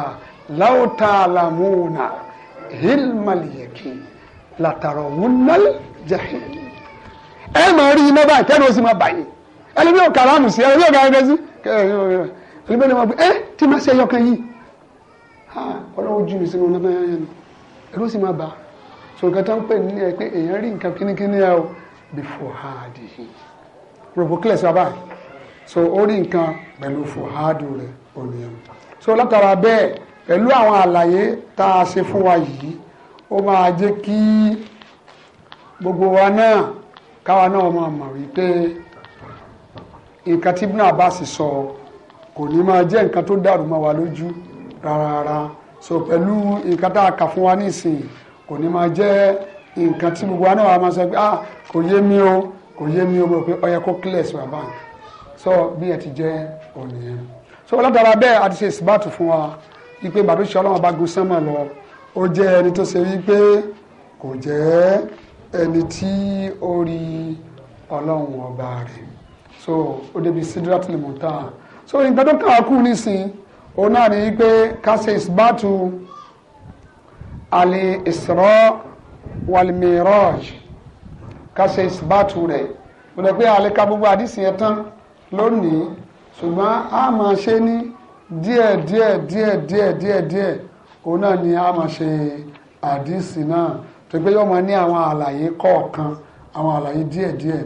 لو تعلمون علم اليقين لترون الجحيم ẹ máa rí iná báyìí tẹ́lẹ̀ ó sì máa báyìí ẹlẹ́bí ò kàrámù sí ẹlẹ́bí ò kàrámù sí ẹlẹ́bí ò kàrámù sí ẹ tí máa ṣe ẹyọkan yìí ọlọ́run jù mí sínú ọ̀nà báyìí ẹnu ẹlẹ́bí ó sì máa bá ṣòkè tó ń pè ní ẹ pé èèyàn rí nǹkan kínníkínní ẹ o before hard rògbòkílẹ̀ sábà so ó rí nǹkan pẹ̀lú fòhádù rẹ̀ olùyẹ̀wò so látara bẹ́ẹ̀ pẹ̀lú àwọn àlàyé tá a ṣe fún wa yìí ó máa jẹ́ kí gbogbo wa náà káwa náà máa mọ̀ wípé nǹkan tí Ibn Abbas sọ kò ní máa jẹ́ nǹkan tó dàrú mọ́ wa lójú rárá so pẹ̀lú nǹkan tá a kà fún wa nísìnyí kò ní máa jẹ́ nǹkan tí gbogbo wa náà máa sọ pé ah kò yé mi o kò yé mi o mo rò pé ó yẹ kó clear sí wa báyìí so bí ẹ ti jẹ́ òní so látara bẹ́ẹ̀ a ti ṣe ìsìbáàtù fún wa wípé bàtú ṣe ọlọ́run bá gun sánmọ̀ lọ ó jẹ́ ẹni tó ṣe wípé kò jẹ́ ẹni tí ó rí ọlọ́run ọba rẹ̀ so ó débi sidratul muntaha so nǹkan tó kàn á kú nísìn òun náà ní wípé ká ṣe ìsìbáàtù àlè ìsirọ́ wàlmírọ́j ká ṣe ìsìbáàtù rẹ̀ mo lọ pé àlè ká gbogbo àdìsí yẹn tán lónìí ṣùgbọ́n a máa ṣe ní díẹ̀ díẹ̀ díẹ̀ díẹ̀ díẹ̀ díẹ̀ òun náà ni a máa ṣe àdìsí náà tó pé yóò máa ní àwọn àlàyé kọ̀ọ̀kan àwọn àlàyé díẹ̀ díẹ̀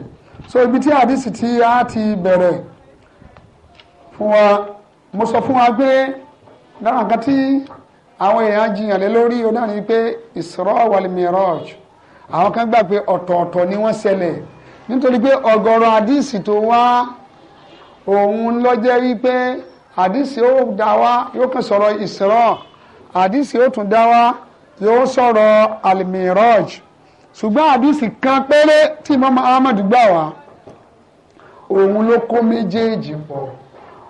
so ibi tí àdìsí tí a ti bẹ̀rẹ̀ fún wa mo sọ fún wa pé lára nǹkan tí àwọn èèyàn jiyàn lé lórí òun náà ni pé Isra wal Miraj àwọn kan gbà pé ọ̀tọ̀ọ̀tọ̀ ni wọ́n ṣẹlẹ̀ nítorí pé ọ̀gọ̀rọ̀ àdìsí tó wá. òun ló jẹ́ wípé àdìsí ó dá wá yóò kàn sọ̀rọ̀ ìsirọ́ àdìsí ó tún dá wá yóò sọ̀rọ̀ alimiraj ṣùgbọ́n àdìsí kan péré tí mọ́mọ́ ahmed gbà wá òun ló kó méjèèjì pọ̀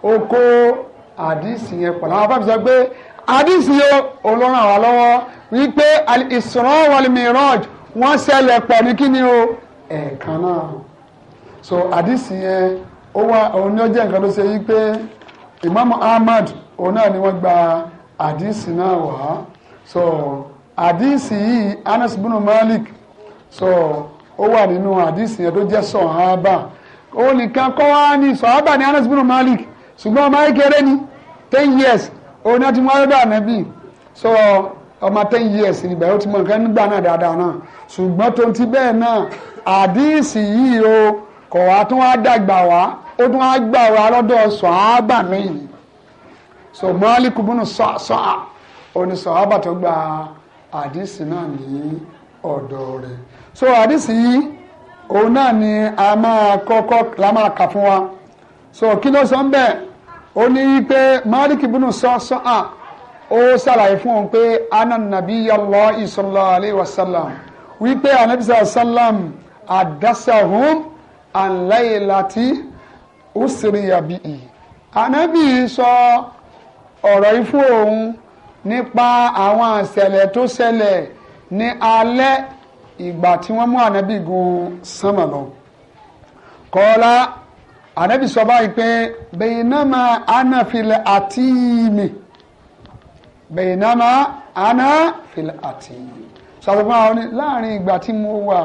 ó kó àdìsí yẹn pọ̀ làwọn afábìsọ pé àdìsí yóò olóran àwa lọ́wọ́ wípé ìsirọ́ alimiraj wọ́n ṣẹlẹ̀ pọ̀ ní kíni o ẹ̀ẹ̀kan náà so àdìsí yẹn. ó wá òun ni ó jẹ́ nǹkan tó ṣe Imam Ahmad òun náà ni wọ́n gba àdìsí náà wá so àdìsí yìí Anas Malik so ó wà nínú àdìsí yẹn tó jẹ́ sọ̀hábà ó nìkan kọ́ wá ní sọ̀hábà ni Anas Malik ṣùgbọ́n ọmọ ni ten years òun náà ti mú ayọ́dọ̀ ànábì so ọmọ ten years nígbà yóò ti mọ nǹkan nígbà náà dáadáa náà ṣùgbọ́n tó ti bẹ́ẹ̀ náà àdìsí o. Kọwaa wá tún wá dàgbà wá ó tún wá gbà wá lọ́dọ̀ sọ̀hábà so Malik bunu a òní sọ̀hábà tó gba àdìsí náà ní ọ̀dọ̀ rẹ̀ so àdìsí yìí òun náà ni a máa kọ́kọ́ la máa kà fún wa so kí ló sọ ń bẹ̀ ó ní pé Malik bunu sọ́à ó ṣàlàyé fún òun pé ananabi yalọ sallallahu alaihi wasallam wípé anabisa ànláyèlátì òsèrèyàbí ì ànábì sọ ọ̀rọ̀ ifú òun nípa àwọn àṣẹlẹ̀ tó ṣẹlẹ̀ ní alẹ́ ìgbà tí wọ́n mú ànábì gun sánmà lọ kọ́lá ànábì sọ báyìí pé bẹ̀yìnàmà anáfilẹ̀ àtìmì bẹ̀yìnàmà anáfilẹ̀ àtìmì sàbẹ̀fọ́n àwọn ní láàrin ìgbà tí mo wà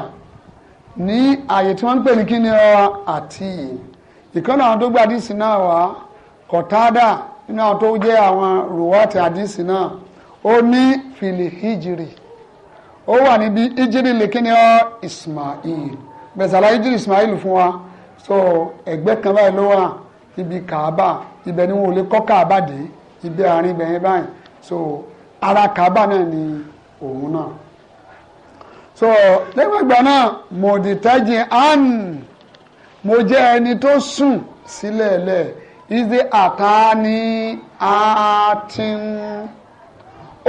ní ààyè tí wọ́n ń pè ní kí ni ọ àti ìkànnì àwọn tó gba àdìsí náà wá kọ̀tádà nínú àwọn tó jẹ́ àwọn rùwátì àdìsí náà ó ní fìlì hijiri ó wà níbi hijiri lè kí ni ọ Ismail bẹ̀sàlá hijiri Ismail fún wa so ẹgbẹ́ kan báyìí ibi Kaaba ibẹ̀ ni wọn ò ibi àárín ibẹ̀ yẹn báyìí so ara Kaaba náà ni òun náà. so lẹ́gbẹ̀ẹ́ ìgbà náà mọ̀dìtẹ́jì án mo jẹ́ ẹni tó sùn sílẹ̀ lẹ̀ ìdí àtà ni a ti ń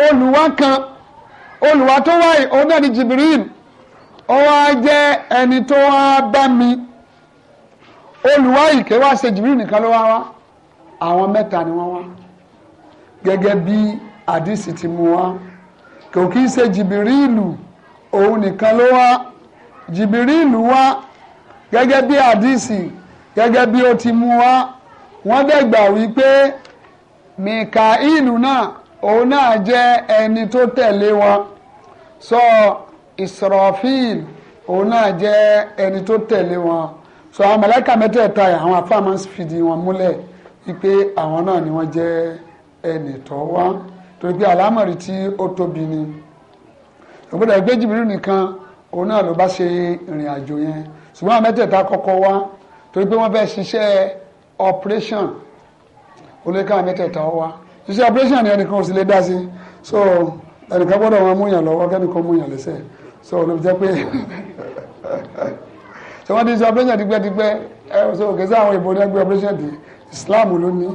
olùwà kan olùwà tó wáyé ọ̀nà ni Jibril ó wá jẹ́ ẹni tó wá bá mi olùwà yìí kẹ́ wá ṣe Jibril nìkan ló wá wá àwọn mẹ́ta ni wọ́n wá gẹ́gẹ́ bí àdìsí ti mú wá kò kí ń ṣe Jibrilu. òun nìkan ló wá jìbìrìlù wá gẹ́gẹ́ bí àdìsí gẹ́gẹ́ bí ó ti mú wá wọ́n dẹ̀gbà gbà wípé mikaílù náà òun náà jẹ́ ẹni tó tẹ̀lé wọn sọ ìsọ̀rọ̀fíìl òun náà jẹ́ ẹni tó tẹ̀lé wọn sọ àwọn mẹlẹ́kà mẹ́tẹ̀ẹ̀ta àwọn afáàmọ́ fìdí wọn múlẹ̀ wípé àwọn náà ni wọ́n jẹ́ ẹni tó wá torí pé àlámọ̀rí tí ó tóbi ni. ọ̀gbọ́dọ̀ ẹgbẹ́ jìbìrì nìkan òun náà ló bá ṣe ìrìn àjò yẹn ṣùgbọ́n àwọn mẹ́tẹ̀ẹ̀ta kọ́kọ́ wá torí pé wọ́n fẹ́ ṣiṣẹ́ operation olóyìnká àwọn wá ṣiṣẹ́ operation ni ẹnìkan ò sì lè dá sí so ẹnìkan gbọ́dọ̀ wọn múyàn lọ́wọ́ kẹ́nìkan múyàn lẹ́sẹ̀ so ló jẹ́ pé so wọ́n ti ṣe operation dípẹ́dípẹ́ ẹ so kì í sẹ́ àwọn ìbò ní ẹgbẹ́ operation di Islam ló ní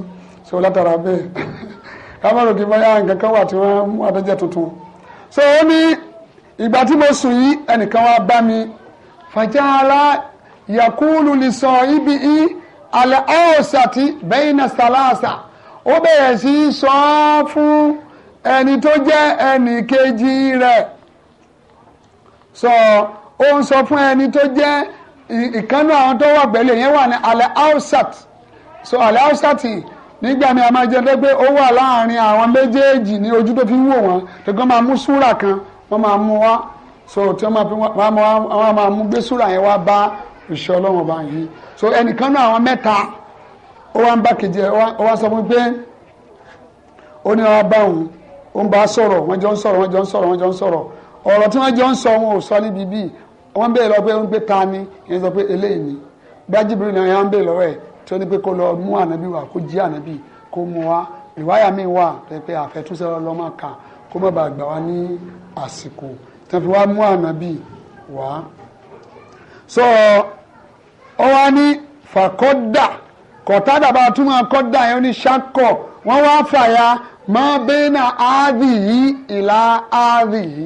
so látara bẹ́ẹ̀ kámẹ́rù kí báyà nǹkan kan wà tí wọ́n mú adẹ́jẹ́ tuntun so ó ní ìgbà tí mo sùn yìí ẹnìkan wá bá mi fàjáàlá yakulu lè sọ ibi i alẹ́ ọ̀sàtì bẹ́yìn náà sàlàsà ó bẹ̀rẹ̀ sí í sọ ọ́ fún ẹni tó jẹ́ ẹnì kejì rẹ̀ sọ ó ń sọ fún ẹni tó jẹ́ ìkànnì àwọn tó wà pẹ̀lú yẹn wà ní alẹ́ ọ̀sàtì so alẹ́ ọ̀sàtì nígbà mi a máa jẹ pé ó wà láàrin àwọn méjèèjì ní ojú tó fi wò wọn tó kàn máa mú súrà kan wọ́n máa mú wá so tí wọ́n máa fi wọ́n máa mú gbé yẹn wá bá ìṣọ́ ọlọ́run ọba yìí so ẹnìkan náà àwọn mẹ́ta ó wá ń bá kejì ẹ̀ ó wá sọ fún pé ó ní wọ́n bá òun ó ń bá sọ̀rọ̀ wọ́n jọ ń sọ̀rọ̀ wọ́n jọ ń sọ̀rọ̀ wọ́n jọ ń sọ̀rọ̀ ọ̀rọ̀ tí wọ́n jọ ń sọ wọn ò sọ níbi bíi wọ́n ń béèrè lọ pé ń pé ta ni ìyẹn sọ pé eléyìí ni gbajúbìrì náà yẹn ń béèrè lọ́wọ́ ẹ̀ tí ó ní pé kó lọ mú ànábì wá kó jí ànábì kó mú wá ìwáyà mi wà pé àfẹ́túnṣe lọ́ọ́ máa kà kó má bàa gbà wá ní àsìkò tí wọ́n fi wá mú ànábì wá. sọ ọ wá ní fàkọ́dà kọ̀tádà bá túmọ̀ kọ́dà yẹn ní ṣákọ̀ wọ́n wá fàyà má bẹ́ẹ̀nà áàdì yìí ìlà áàdì yìí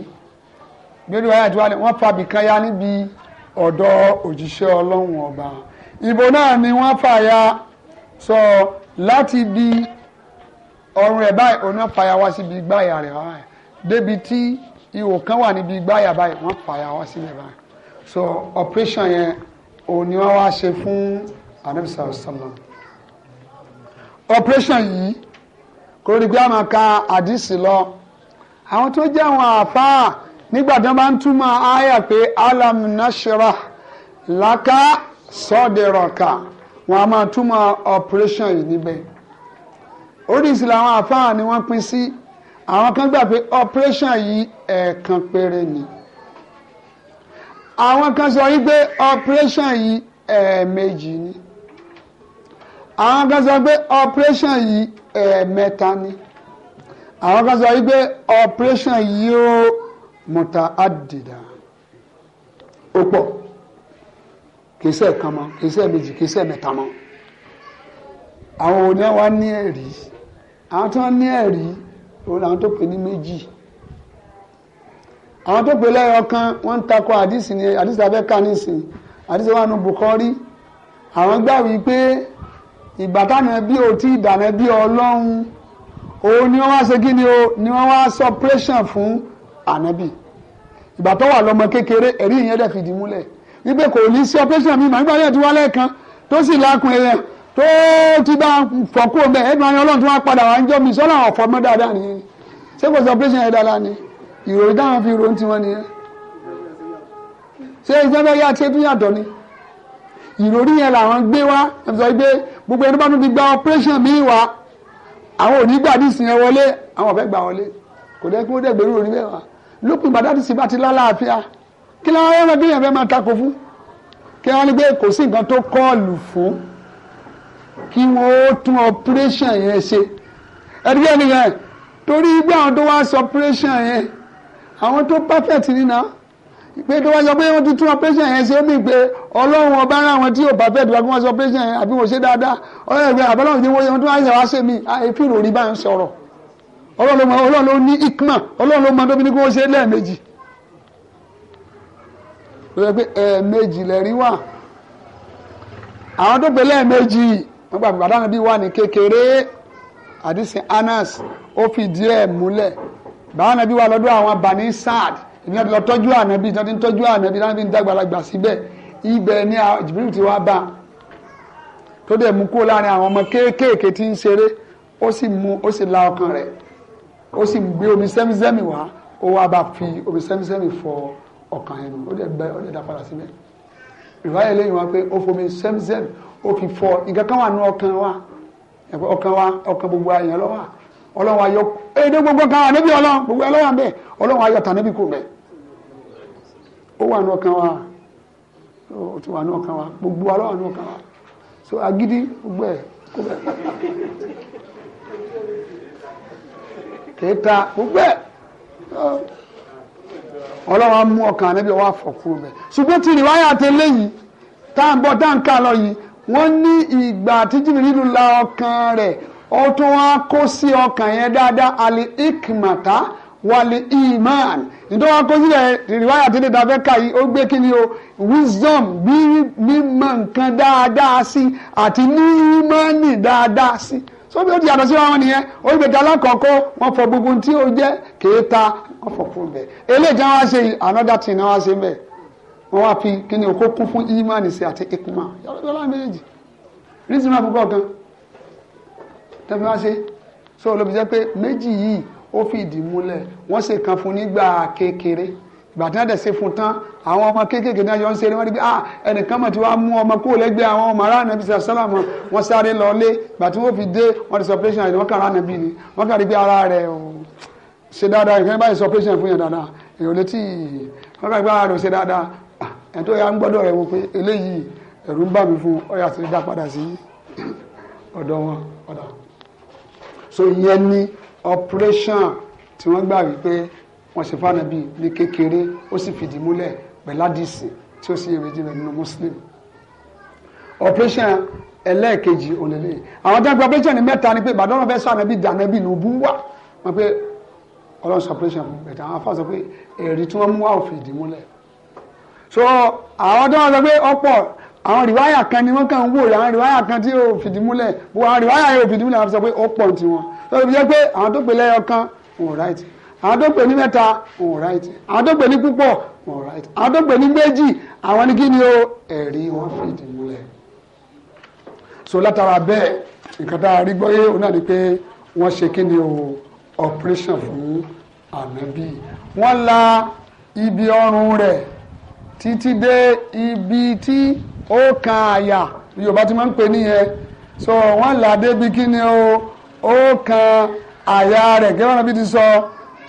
gbẹ́dọ̀ wáyà tí wọ́n fa bìkan ya níbi ọ̀dọ̀ òjíṣẹ́ ọlọ́run ọba ìbò náà ni wọ́n fàyà sọ láti bíi ọrùn ẹ̀ báyìí òun náà fàyà wá síbi gbáyà rẹ̀ báyìí débi tí ihò kan wà níbi gbáyà báyìí wọ́n fàyà wá síbẹ̀ báyìí so operation yẹn òun ni wọ́n wá ṣe fún anamisa ọ̀sánlá operation yìí kò rí pé a máa ka àdìsí lọ àwọn tó jẹ́ àwọn àfáà nígbà tí wọ́n bá ń túmọ̀ àyà pé alam nashra laka sọ́dẹ̀rọ̀ka wọ́n a máa túmọ̀ operation yìí níbẹ̀ oríṣìí làwọn àfáà ni wọ́n pín sí àwọn kan gbà pé operation yìí ẹ̀ẹ̀kan péré ni àwọn kan sọ wípé operation yìí ẹ̀ẹ̀mejì ni àwọn kan sọ pé operation yìí ẹ̀ẹ̀mẹ́ta ni àwọn kan sọ wípé operation yìí ó mọ̀tà àdìdà ó pọ̀ kìí sẹ́ẹ̀kan mọ́ kìí sẹ́ẹ̀mejì kìí sẹ́ẹ̀mẹ́ta mọ́ àwọn oníwà ní ẹ̀rí àwọn tó ní ẹ̀rí òun làwọn tó pè ní méjì àwọn tó pè lẹ́yọ kan wọ́n ń takọ àdìsí ni àdìsí abẹ́ ká nísìn àdìsí wà nù Bukhari àwọn gbà wí pé ìgbà táwọn ẹbí ò tí ìdànà bí ọlọ́run òun ni wọ́n wá ṣe kí ni o ni wọ́n wá sọ pírẹ́ṣàn fún ànábì ìgbà tó wà lọ́mọ kékeré ẹ̀rí ìyẹn dẹ̀ fìdí múlẹ̀ wípé kò ní sí ọpẹ́ṣàn mi màá nígbà yẹn ti wá lẹ́ẹ̀kan tó sì lákùn ẹ̀yẹn tó ti bá fọ̀kú ọmọ ẹ̀ ẹ̀dùn ayé ọlọ́run tó wá padà wá ń jọ́ mi sọ́nà ọ̀fọ̀ mọ́ dáadáa ni ṣé kò sọ pírẹ́sìn ẹ̀ dáadáa ni ìròyìn táwọn fi ro tiwọn nìyẹn ṣé ìjọba yá tí ètò yàtọ̀ ni ìròrí yẹn làwọn gbé wá ẹ̀ sọ pé gbogbo ẹni bá tún ti gba operation míì wá àwọn òní gbà ní ìsìn yẹn wọlé àwọn ọ̀fẹ́ gbà wọlé kò dẹ́ kí wọ́n dẹ́gbẹ̀rú òní bẹ́ẹ̀ wá lópin bàtà ti sì bá ti lálàáfíà kí làwọn ẹ̀rọ bí yẹn fẹ́ máa takò fún kí wọ́n ní pé kò sí nǹkan tó kọ́ọ̀lù fún kí wọ́n ó tún operation yẹn ṣe ẹ̀dígbẹ́ nìyẹn torí gbé àwọn tó wá sọ operation yẹn àwọn tó perfect nínà pé tó wá sọ pé wọ́n ti tún operation yẹn ṣe ó mì pé ọlọ́run ọba ara àwọn tí ò perfect wá bí wọ́n sọ operation yẹn àbí wọ́n ṣe dáadáa ọlọ́run ẹgbẹ́ àbọ́lọ́run ti wọ́n yẹn wọ́n tún wá ṣe wá ṣe mí àìfìrò rí bá ń sọ̀rọ̀ ọlọ́run ló ní ikma ọlọ́run ló mọ tóbi ní kí wọ́n ṣe lẹ́ẹ̀mejì ló àwọn tó pè lẹ́ẹ̀mejì wọ́n gbàgbé bàtà nàbí wà ní kékeré àdìsí anas ó fi díẹ̀ múlẹ̀ bàtà nàbí wà lọ́dọ̀ àwọn bani sad ìbí náà ti lọ tọ́jú ànábì náà ti ń tọ́jú ànábì náà ti ń dàgbàlagbà síbẹ̀ ibẹ̀ ni jìbìrì ti wá bá tó dẹ̀ mú kúrò láàrin àwọn ọmọ kéékèèké tí ń ṣeré ó sì mú ó sì la ọkàn rẹ̀ ó sì gbé omi sẹ́mísẹ́mì wá ó wá bá fi omi sẹ́mísẹ́mì fọ ọkàn ẹnu ó dẹ̀ gbẹ ó dẹ̀ dá padà síbẹ̀ ìwáyé lẹ́yìn wá pé ó fomi sẹ́mísẹ́mì O fi fọ nǹkan kan wà nú ọkàn wa ọkàn wa ọkàn gbogbo àyàn lọ́wọ́ ọlọ́run ayọ èdè gbogbo kan wà níbi ọlọ́run gbogbo ẹ bẹ́ẹ̀ tà níbi kò bẹ́ẹ̀ ó wà wa ó ti wa gbogbo wa lọ́wọ́ wa so agidi gbogbo ẹ̀ bẹ́ẹ̀ gbogbo ẹ̀ mú ọkàn níbi ọwọ́ àfọ̀kù bẹ́ẹ̀ ṣùgbọ́n tí ìwáyà yìí wọ́n ní ìgbà tí jìbìrìlù la ọkàn rẹ̀ ó tún wá kó sí ọkàn yẹn dáadáa àlè ìkìmàtà wàlẹ̀ iman nítorí wọn kó sílẹ̀ ìrìwáyà tí níta fẹ́ kà ó gbé kí ni o wisdom bí mímọ̀ nǹkan dáadáa sí àti ní ìmánì dáadáa sí so bí ó ti yàtọ̀ sí wọn nìyẹn ó gbé ta lákọ̀ọ́kọ́ wọn fọ gbogbo tí ó jẹ́ kéèta wọn fọ fún bẹ́ẹ̀ eléyìí tí wọn wá ṣe another thing wọn wá ṣe bẹ́ẹ̀ wọ́n wá fi kí ni òkó kún fún ìmánì sí àti ìkùnmá yàrá ìdọ́lá méjèèjì rísìn náà púpọ̀ gan tẹ́fí wá ṣe so olóbi jẹ́ pé méjì yìí ó fi ìdí múlẹ̀ wọ́n ṣe kan fún nígbà kékeré ìgbà tí wọ́n dẹ̀ ṣe fún tán àwọn ọmọ kéékèèké náà yọ ń ṣe ni wọ́n rí bí ah ẹnìkan mọ̀ tí wọ́n á mú ọmọ kúrò lẹ́gbẹ̀ẹ́ àwọn ọmọ ará nàbí sàlámà mọ̀ wọ́n sáré lọ lé ìgbà tí wọ́n fi dé wọ́n ti sọ pé ṣàn wọ́n kàn rà nàbí ni wọ́n kàn rí bí ara rẹ̀ ò ṣe dáadáa ìkànnì báyìí sọ pé ṣàn fún yàn dáadáa èèyàn létí wọ́n kàn rí bí ara rẹ̀ ò ṣe dáadáa ẹni tó yà ń gbọ́dọ̀ rẹ̀ wo pé eléyìí ẹ̀rù ń bà mí fún ọyà tó dá padà sí ọ̀dọ̀ wọn ọ̀dà so ìyẹn ni operation tí wọ́n gbà wípé wọ́n ṣe fún ànábì ní kékeré ó sì fìdí múlẹ̀ pẹ̀ládìsì tí ó sì yẹ méjì rẹ̀ nínú muslim operation ẹlẹ́ẹ̀kejì òlélẹ̀ àwọn tó ń gba operation ní mẹ́ta ni pé ìbàdàn wọn fẹ́ sọ ànábì dànábì ní òbú wà wọn pé ọlọ́run sọ operation fún bẹ̀tẹ̀ àwọn afáàsọ pé èrì tí wọ́n mú wà ò fìdí so àwọn tó wọn sọ pé ọ̀pọ̀ àwọn rìwáyà kan ni wọ́n kàn ń wò àwọn rìwáyà kan tí yóò fìdí múlẹ̀ wo àwọn rìwáyà yóò fìdí múlẹ̀ àwọn sọ pé ọ̀pọ̀ ti wọn tó fi jẹ́ pé àwọn tó pè lẹ́yọ kan wọn ò ráìtì àwọn tó pè ní mẹ́ta wọn ráìtì àwọn tó pè ní púpọ̀ wọn ráìtì àwọn tó pè ní méjì àwọn ní kí ni o ẹ̀rí wọn fìdí múlẹ̀ so látara bẹ́ẹ̀ nǹkan tá a rí gbọ́ yé òun náà ni pé wọ́n ṣe kí ni o operation fún ànábì wọ́n la ibi ọrùn rẹ̀ títí dé ibi tí ó kan àyà yorùbá ti máa ń pè nìyẹn so wọ́n là débi kí ni o ó kan àyà rẹ̀ gẹ́gẹ́ wọn bí ti sọ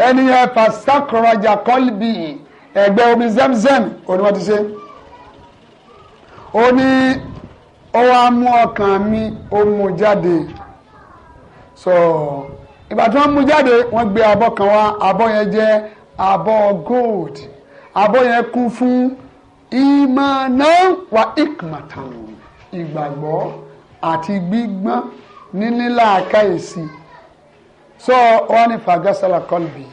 ẹni yẹn pàṣẹkọrọjà kọ́lbì ẹ̀gbẹ́ omi zemzem òní wọ́n ti ṣe ó ní ó wá mú ọkàn mi ó mú jáde so ìgbà tí wọ́n mú jáde wọ́n gbé abọ́ kan wá abọ́ yẹn jẹ́ abọ́ gold abọ́ yẹn kún fún ìmọ̀nà wa ìkùmọ̀tàn ìgbàgbọ́ àti gbígbọ́n nínílà àkáyèsí sọ wọn ní fagasala kọlbì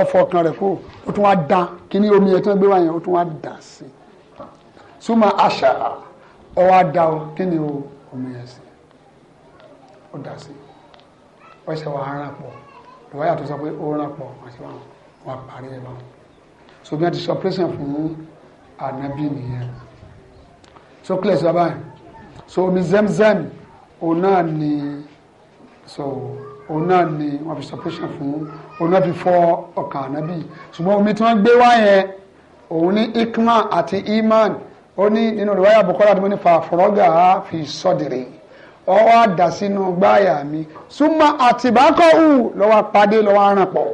ọfọkàn rẹ kó o tún wá dán kí ni omi yẹn tó ń gbé wá yẹn o tún wá dán sí i súnmọ́ àṣà ọwọ́ adá o kí ni omi yẹn sí ó dá sí ọṣẹ wa rán pọ̀ ìwáyà tó sọ pé ó rán pọ̀ àti wọn parí ẹ báwọn so bí wọ́n ti sọ pẹ́sẹ̀ fún ànábì nìyẹn so clear sọ báyìí so omi zemzem òun náà ni so òun náà ni wọ́n fi sọ pẹ́sẹ̀ fún òun náà fi fọ ọkàn ànábì ṣùgbọ́n omi tí wọ́n gbé wá yẹn òun ní ikma àti iman ó ní nínú ìwáyà bukola tó ní fa àfọ̀rọ́gà fi sọ́dìrì ọwọ́ àdá sínú gbáyà mi súnmọ́ àtìbákọ́ hù lọ́wọ́ pàdé lọ́wọ́ aràn pọ̀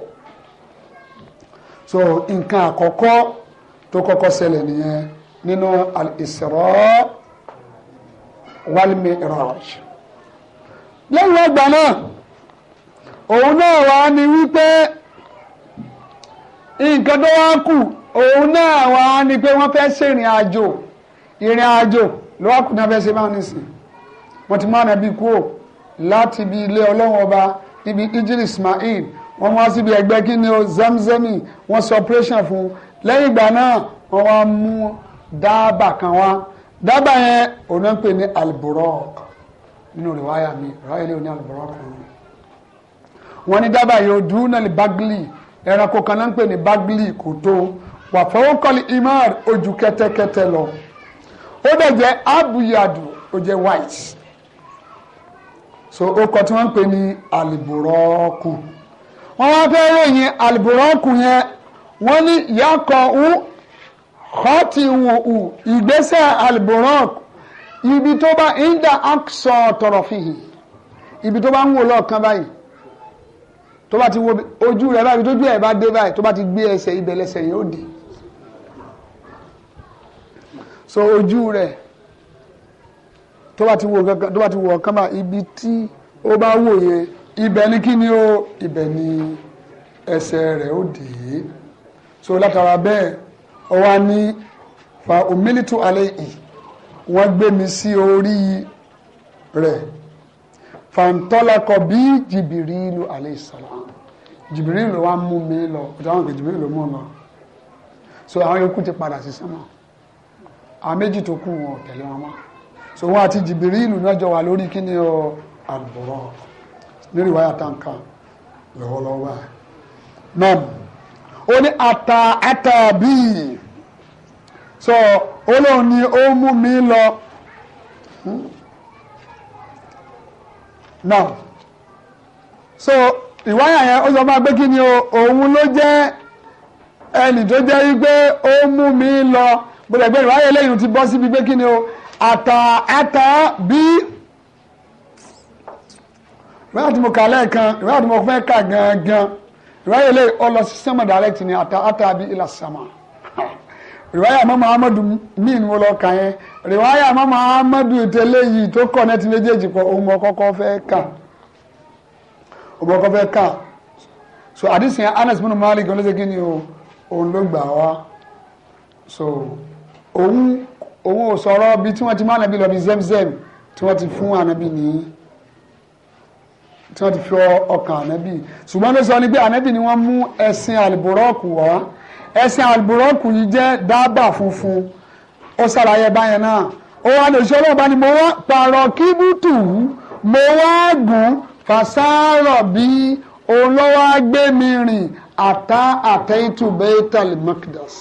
so nǹkan àkọ́kọ́ tó kọ́kọ́ ṣẹlẹ̀ nìyẹn nínú al-Isra wal-Mi'raj lẹ́yìn ọgbà náà òun náà wà ní wípé nǹkan tó wá kù òun náà wà ní pé wọ́n fẹ́ ṣèrìn àjò ìrìn àjò ló wá kù náà fẹ́ ṣe máa nísìn wọ́n ti máa nàbí kú láti ibi ilé ọlọ́run ọba níbi Idris Ismail wọ́n wá síbi ẹgbẹ́ kí ni o zamzami wọ́n sọ operation fún un lẹ́yìn ìgbà náà wọ́n wá mú dábà kan wá dábà yẹn òun náà ń pè ní alburok nínú rìwáyà mi rìwáyà ilé òní alburok wọ́n ní dábà yìí ọdún náà lè bagli ẹranko kan náà ń pè ní bagli kò tó wà fọwọ́ kọ́lì imar ojú kẹ́tẹ́kẹ́tẹ́ lọ ó dẹ̀ jẹ́ abuyadu ó jẹ́ white so ó kọ tí wọ́n ń pè ní aliburọ́ọ̀kù wọ́n wá fẹ́ ròyìn àlùbùrọ́kù yẹn wọ́n ní yakọ̀ ú họ́tì wù ú ìgbésẹ̀ àlùbùrọ́kù ibi tó bá ìdá àksọ̀ tọ̀rọ̀ fìhì ibi tó bá ń wò lọ́ọ̀kan báyìí tó bá ti wo ojú rẹ̀ báyìí tójú ẹ̀ bá dé báyìí tó bá ti gbé ẹsẹ̀ ibẹ̀ lẹ́sẹ̀ yóò dé so ojú rẹ̀ tó bá ti wo ọ̀kan báyìí ibi tí ó bá wò yẹn ibẹ̀ ni kí ni ó ibẹ̀ ni ẹsẹ̀ rẹ̀ ó dé so látara bẹ́ẹ̀ ó wá ní fa omilitu alẹ́ yìí wọ́n gbé mi sí orí rẹ̀ fàǹtọ́lákọ̀ bí jìbìrìlù alẹ́ ìsàlá jìbìrìlù wa mú mi lọ ọ̀dọ̀ àwọn kejì jìbìrìlù mú lọ so àwọn yòókù ti padà sí sánmà àwọn méjì tó kù wọn ò tẹ̀lé wọn mọ́ so wọn àti jìbìrìlù náà jọ wà lórí kí ni ọ àlùbọ̀rọ̀ ọ̀hún nínú ìwáyà tanka, lọ́wọ́lọ́wọ́ báyìí. nam ó ní ata ata bíi so olóhùn ni ó mú mi lọ nam hmm? so ìwáyà yẹn ó sọ fún wa kí ni o òun ló jẹ́ ẹnì tó jẹ́ wípé ó mú mi lọ gbọdọ̀ gbẹ̀rù wáyà lẹ́yìn tí bọ́ síbi pé kí ni o ata ata bíi. ìwádìí tí mo kà lẹ́ẹ̀kan ìwádìí tí mo fẹ́ kà gangan ìwádìí ilé ọlọ sí sẹ́mà direct ni ata atabi ilà sàmà ìwádìí àmọ́ muhammadu míì ni mo lọ kà yẹn ìwádìí àmọ́ muhammadu ìtẹ́lẹ̀ yìí tó kọ̀ nẹ́ẹ̀tì méjèèjì pọ̀ òun mọ̀ kọ́kọ́ fẹ́ kà òun kọ́kọ́ fẹ́ kà so anas múnú malik ọlọ́sẹ̀ kí ni òun ló gbà wá so òun òun ò sọ̀rọ̀ bí tí wọ́n ti tí wọ́n ti fi ọkàn ànábì ṣùgbọ́n ló sọ ni pé ànábì ni wọ́n mú ẹṣin àlùbọ́rọ́ọ̀kù wá ẹṣin àlùbọ́rọ́ọ̀kù yìí jẹ́ dábà funfun ó ṣàlàyé báyẹn náà ó wá lè ṣe ọlọ́ọ̀bá ni mo wá pààrọ̀ kíbùtù mo wá gùn fàṣàrọ̀ bí òun lọ́wọ́ mi rìn àtá àtẹ́yìntù Baitul Maqdis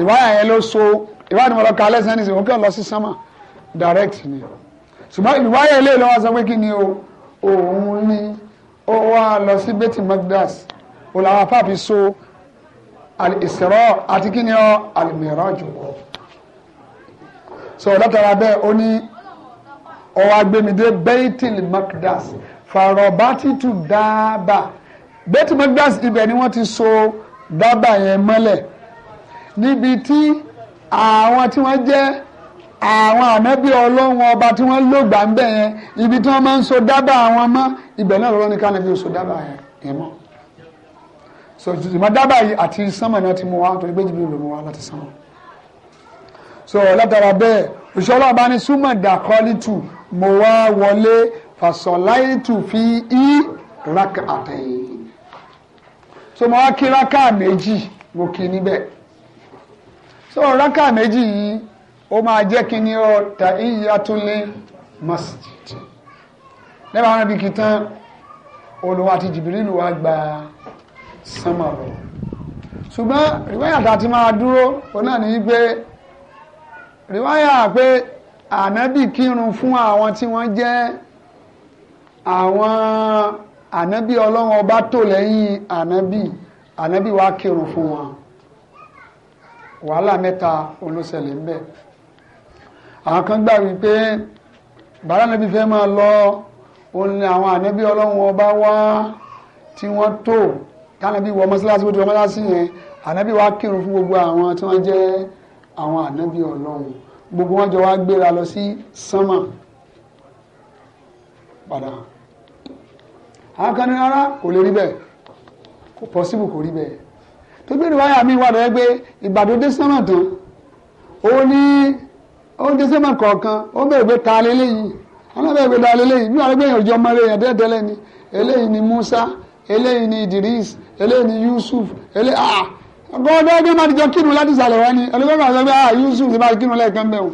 ìwáyà yẹn ló so ìwáyà ni mo lọ ka alẹ́ sẹ́ni sí òun kẹ́ lọ sí sánmà direct ni ṣùgbọ́n ìwáyà ilé ìlọ́wọ́ sọ pé kí ni o òun ni ó wá lọ sí Beti Magdas òun làwọn afáàfin so al àti kí ni ọ al jùlọ so látara bẹ́ẹ̀ ó ní ọwọ́ agbẹ́mídé Beitil Magdas farobatitu dáàbà Beti Magdas ibẹ̀ ni wọ́n ti so dáàbà yẹn mọ́lẹ̀ níbi tí àwọn tí wọ́n jẹ́ àwọn ànábì ọlọ́run ọba tí wọ́n lò gbà ń bẹ̀ yẹn ibi tí wọ́n máa ń so dábàá àwọn mọ́ ibẹ̀ náà lọ́rọ́ ní ká nàbí oṣù dábàá yẹn mọ́ so ṣùgbọ́n dábàá yìí àti sánmà náà ti mú wa torí pé jìbìrì ló wa láti sánmà so látara bẹ́ẹ̀ òṣèlú ọba ní súnmọ̀ dàkọ́lítù mo wá wọlé fàṣọláìtù fi í rákà àtẹ̀yìn so mo wá kí rákà méjì mo kí níbẹ̀ so rákà méjì yìí ó máa jẹ́ kí ni ó ta iyatulé masjid lẹ́bàá wọn bí kí tán olùwà àti jìbìrìlù wa gba sánmà lọ ṣùgbọ́n rìwáyà tá a ti máa dúró òun náà ní pé rìwáyà pé ànábì kírun fún àwọn tí wọ́n jẹ́ àwọn ànábì ọlọ́run ọba tó lẹ́yìn ànábì ànábì wa kírun fún wọn wàhálà mẹ́ta olóṣẹlẹ̀ ń bẹ àwọn kan gbà wípé bàrà nàbí fẹ́ máa lọ òun ni àwọn ànábí ọlọ́run ọba wá tí wọ́n tó tánàbí wọ mọ́sálásí bó ti wọ mọ́sálásí yẹn ànábí wa kírun fún gbogbo àwọn tí wọ́n jẹ́ àwọn ànábí ọlọ́run gbogbo wọn jọ wá gbéra lọ sí sánmà padà àwọn kan ní rárá kò lè rí bẹ́ẹ̀ kò pọ́sibù kò rí bẹ́ẹ̀ tó gbé ìwáyà mi wà lọ́wọ́ pé ìgbàdo dé sánmà tán ó ní oúnjẹ sẹ́mà kọ̀ọ̀kan ó bẹ̀rẹ̀ pé ta lélẹ́yìn alábẹ̀rẹ̀ pé ta lélẹ́yìn bí wàá gbẹ̀yìn òjò ọmọdé yẹn tẹ́tẹ́lẹ́ ni eléyìí ni Musa eléyìí ni Idris eléyìí ni Yusuf eléyìí ah gbọ́dọ̀ ẹgbẹ́ máa dijọ́ kírun láti sàlẹ̀ wá ni ẹlẹ́gbẹ́ máa sọ pé ah Yusuf ti máa kírun lẹ́ẹ̀kan bẹ́ẹ̀ o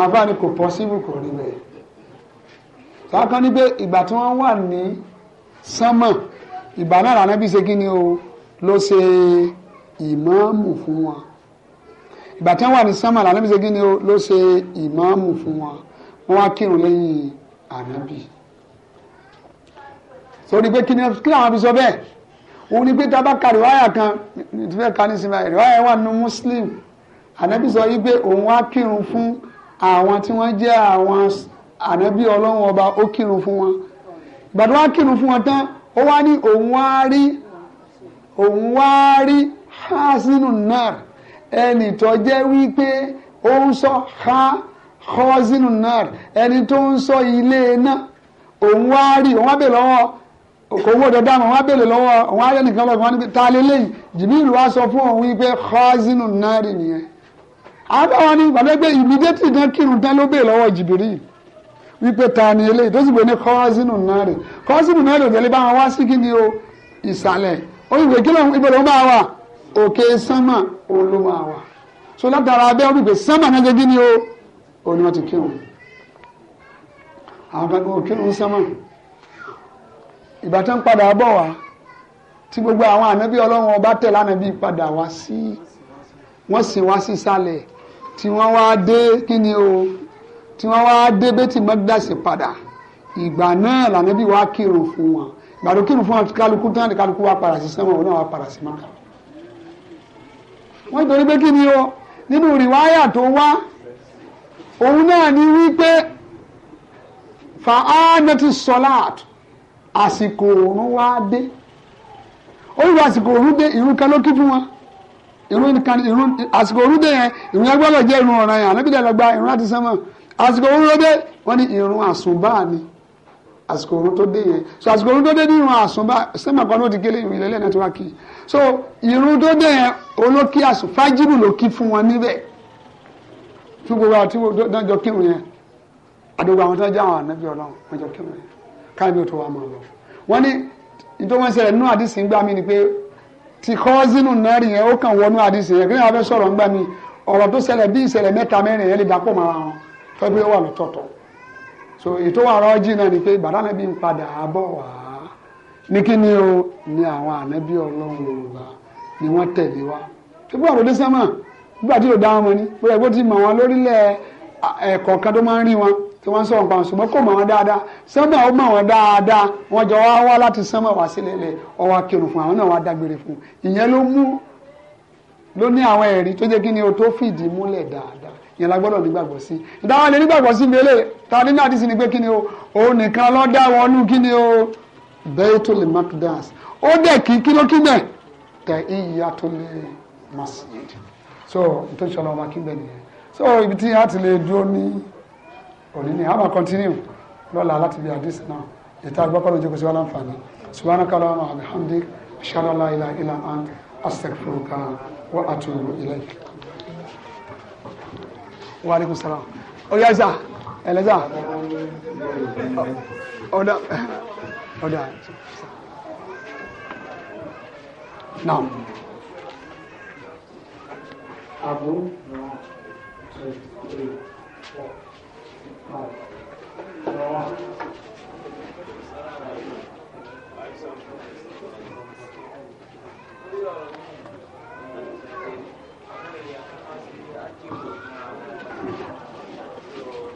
àǹfààní kò pọ́sibú kò rí bẹ́ẹ̀ sákan ni pé ìgbà tí wọ́n wà ní sánmọ̀ ìgbà náà lànà bí ṣe kí ni o ló ṣe ìmáàmù fún wọn ìgbà tí wọ́n wà ní sánmà lànàbí ṣe gíní ló ṣe ìmáàmù fún wọn wọ́n wá kírun lẹ́yìn ànábì sórí pé kí ni àwọn fi sọ bẹ́ẹ̀ òun ni pé tá a bá ka rìwáyà kan tí fẹ́ ka ní sinmi rìwáyà wà nínú muslim ànábì sọ yí pé òun wá kírun fún àwọn tí wọ́n jẹ́ àwọn ànábì ọlọ́run ọba ó kírun fún wọn ìgbà tó wá kírun fún wọn tán ó wá ní òun wá rí òun wá rí hasinu náà ẹnì tó jẹ́ wípé ó ń sọ ha hosinu nar ẹni tó ń sọ ilé náà òun wá rí òun wá bè lọ́wọ́ owó dọ̀dá àwọn wá bèèrè lọ́wọ́ àwọn ayé nìkan lọ́gbọ̀n níbi ta lélẹ́yìn jìbìrì wá sọ fún òun wípé hosinu nar nìyẹn àbáwọn ní gbàgbé immediately náà kírun tán ló bèèrè lọ́wọ́ jìbìrì wípé ta ni eléyìí tó sì gbé ní kọ́sínù náà rè kọ́sínù náà rè òdẹ́lẹ́ bá wọn wá sí kí ni o ìsàlẹ̀ ó ìwé kí lóun òkè sánmà òun ló máa wà so látara abẹ́ ọdún pé sánmà náà gẹ́gẹ́ ni ó òun ni wọ́n ti kírun àwọn kan kò kírun sánmà ìgbà padà bọ̀ wá tí gbogbo àwọn ànábí ọlọ́run ọba tẹ̀ lánàá bí padà wá sí wọ́n sì wá sí sálẹ̀ tí wọ́n wá dé kí ni o tí wọ́n wá dé bẹ́tì mọ́gídàsì padà ìgbà náà lànàbí wá kírun fún wọn ìgbà tó kírun fún wọn kálukú tán kálukú wá padà sí sẹ́wọ̀n òun náà wá padà sí mọ́kà wọ́n nítorí pé kí ni o nínú rìwáyà tó wá òun náà ni wípé fa'anati salat àsìkò òun wá dé ó wù àsìkò òun dé ìrun kan ló kí fún wa ìrun kan ìrun àsìkò òun dé yẹn ìrun yẹn gbọ́dọ̀ jẹ́ ìrun ọ̀ràn yẹn àlébìdẹ̀ lọ gba ìrun láti sánmọ̀ àsìkò òun ló dé wọ́n ní ìrun àsùnbáà ni àsìkò orun tó dé yẹn so àsìkò orun tó dé ní ìrun àsùnbà sẹ́mà kan ló ti gélé ìrun ilẹ̀ lẹ́nà tí wọ́n kì í so ìrun tó dé yẹn olókì àsùn fájìrù ló kí fún wọn níbẹ̀ fún gbogbo àti dánjọ kírun yẹn àdógbò àwọn tó ń jẹ́ àwọn ànábì ọlọ́run wọ́n kírun yẹn káàbí ò tó wà máa lọ wọ́n ní ìtọ́ wọn ṣẹlẹ̀ nínú àdìsí ń gbà mí ni pé ti kọ́ọ́sínù náà rí yẹn ó kàn wọnú àdìsí yẹn kí ni àwọn fẹ́ sọ̀rọ̀ ń gbà mí ọ̀rọ̀ tó ṣẹlẹ̀ bí ìṣẹ̀lẹ̀ mẹ́ta mẹ́rin yẹn lè dàpọ̀ mọ́ra wọn fẹ́ bí so ètò àrọ jì náà ni pé bàtà nàbí ń padà bọ̀ wá ní ni o ní àwọn ànábì ni wọ́n tẹ̀lé wa ṣùgbọ́n àròdé sẹ́mà nígbà tí yóò dá wọn ni bóyá ẹgbẹ́ ti mọ̀ wọn lórílẹ̀ ẹ̀kọ́ kan tó máa ń rí wọn tí wọ́n sọ̀rọ̀ pa ṣùgbọ́n kò mọ̀ wọn dáadáa sẹ́mà ó mọ̀ wọn dáadáa wọ́n jọ wá wá láti sẹ́mà wá fún àwọn náà wá dágbére fún ìyẹn ló mú ló ní àwọn ẹ̀rí tó jẹ́ o tó yẹn la gbọ́dọ̀ nígbàgbọ́ sí ìdáwọn lè nígbàgbọ́ sí mi eléyìí ta nínú àdìsí ni pé kí ni o òun nìkan ló wọnú kí ni o Baitul Maqdis ó dẹ̀ kí kí ló kí bẹ̀ tẹ Iyatul Masjid so tó ṣọlọ ọba kí bẹ̀ nìyẹn so ibi tí a ti lè dúró ní òní ni a máa continue lọ́la láti bí àdìsí náà ètò àgbọ́kọ̀rọ̀ ìjókòó sí wa láǹfààní subhanaka Allahumma wa bihamdik ashhadu ila la ilaha illa anta wa atubu ilayk wa aleykum salaam ọ̀yá oh, ẹ̀sà ẹ̀lẹ́sà eh, ọ̀dà oh, ọ̀dà oh, náà. Abu Noah, two, three, four, five. Noah. Thank you.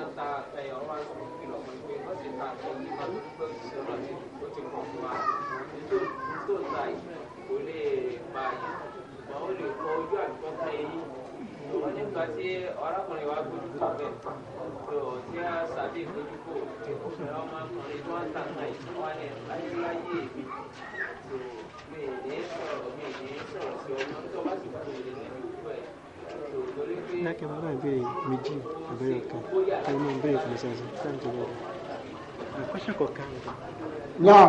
wá ta ẹ̀yà wá kìlọ̀ fún pé wọ́n ti ta àti nípa tó pé ìṣòro ti ó ti pọ̀ fún wa tó ń ta yìí kò lè pa yìí ṣùgbọ́n ó lè kọ ojú àdúgbò ká yìí wọ́n nígbà tí arákùnrin wa gbójú tó bẹ̀ tó tí a sàbí ìgbójú kò ọ̀rẹ́ ọmọkùnrin tó ń tà náà yìí wọ́n lè láyéláyé mi tó mi ní sọ̀rọ̀ mi ní sọ̀rọ̀ sí ọmọ tó bá sì kú ìdílé mi dákẹ́ máa bá ìbéèrè méjì àbẹ̀rẹ̀ kan tó máa bẹ̀rẹ̀ kan ṣáṣá táà tó bẹ̀rẹ̀ àkọ́ṣẹ́ kọ̀ọ̀kan. náà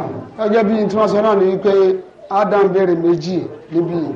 gẹ́gẹ́ bí tí wọ́n sọ náà ni pé Adam béèrè méjì níbí yìí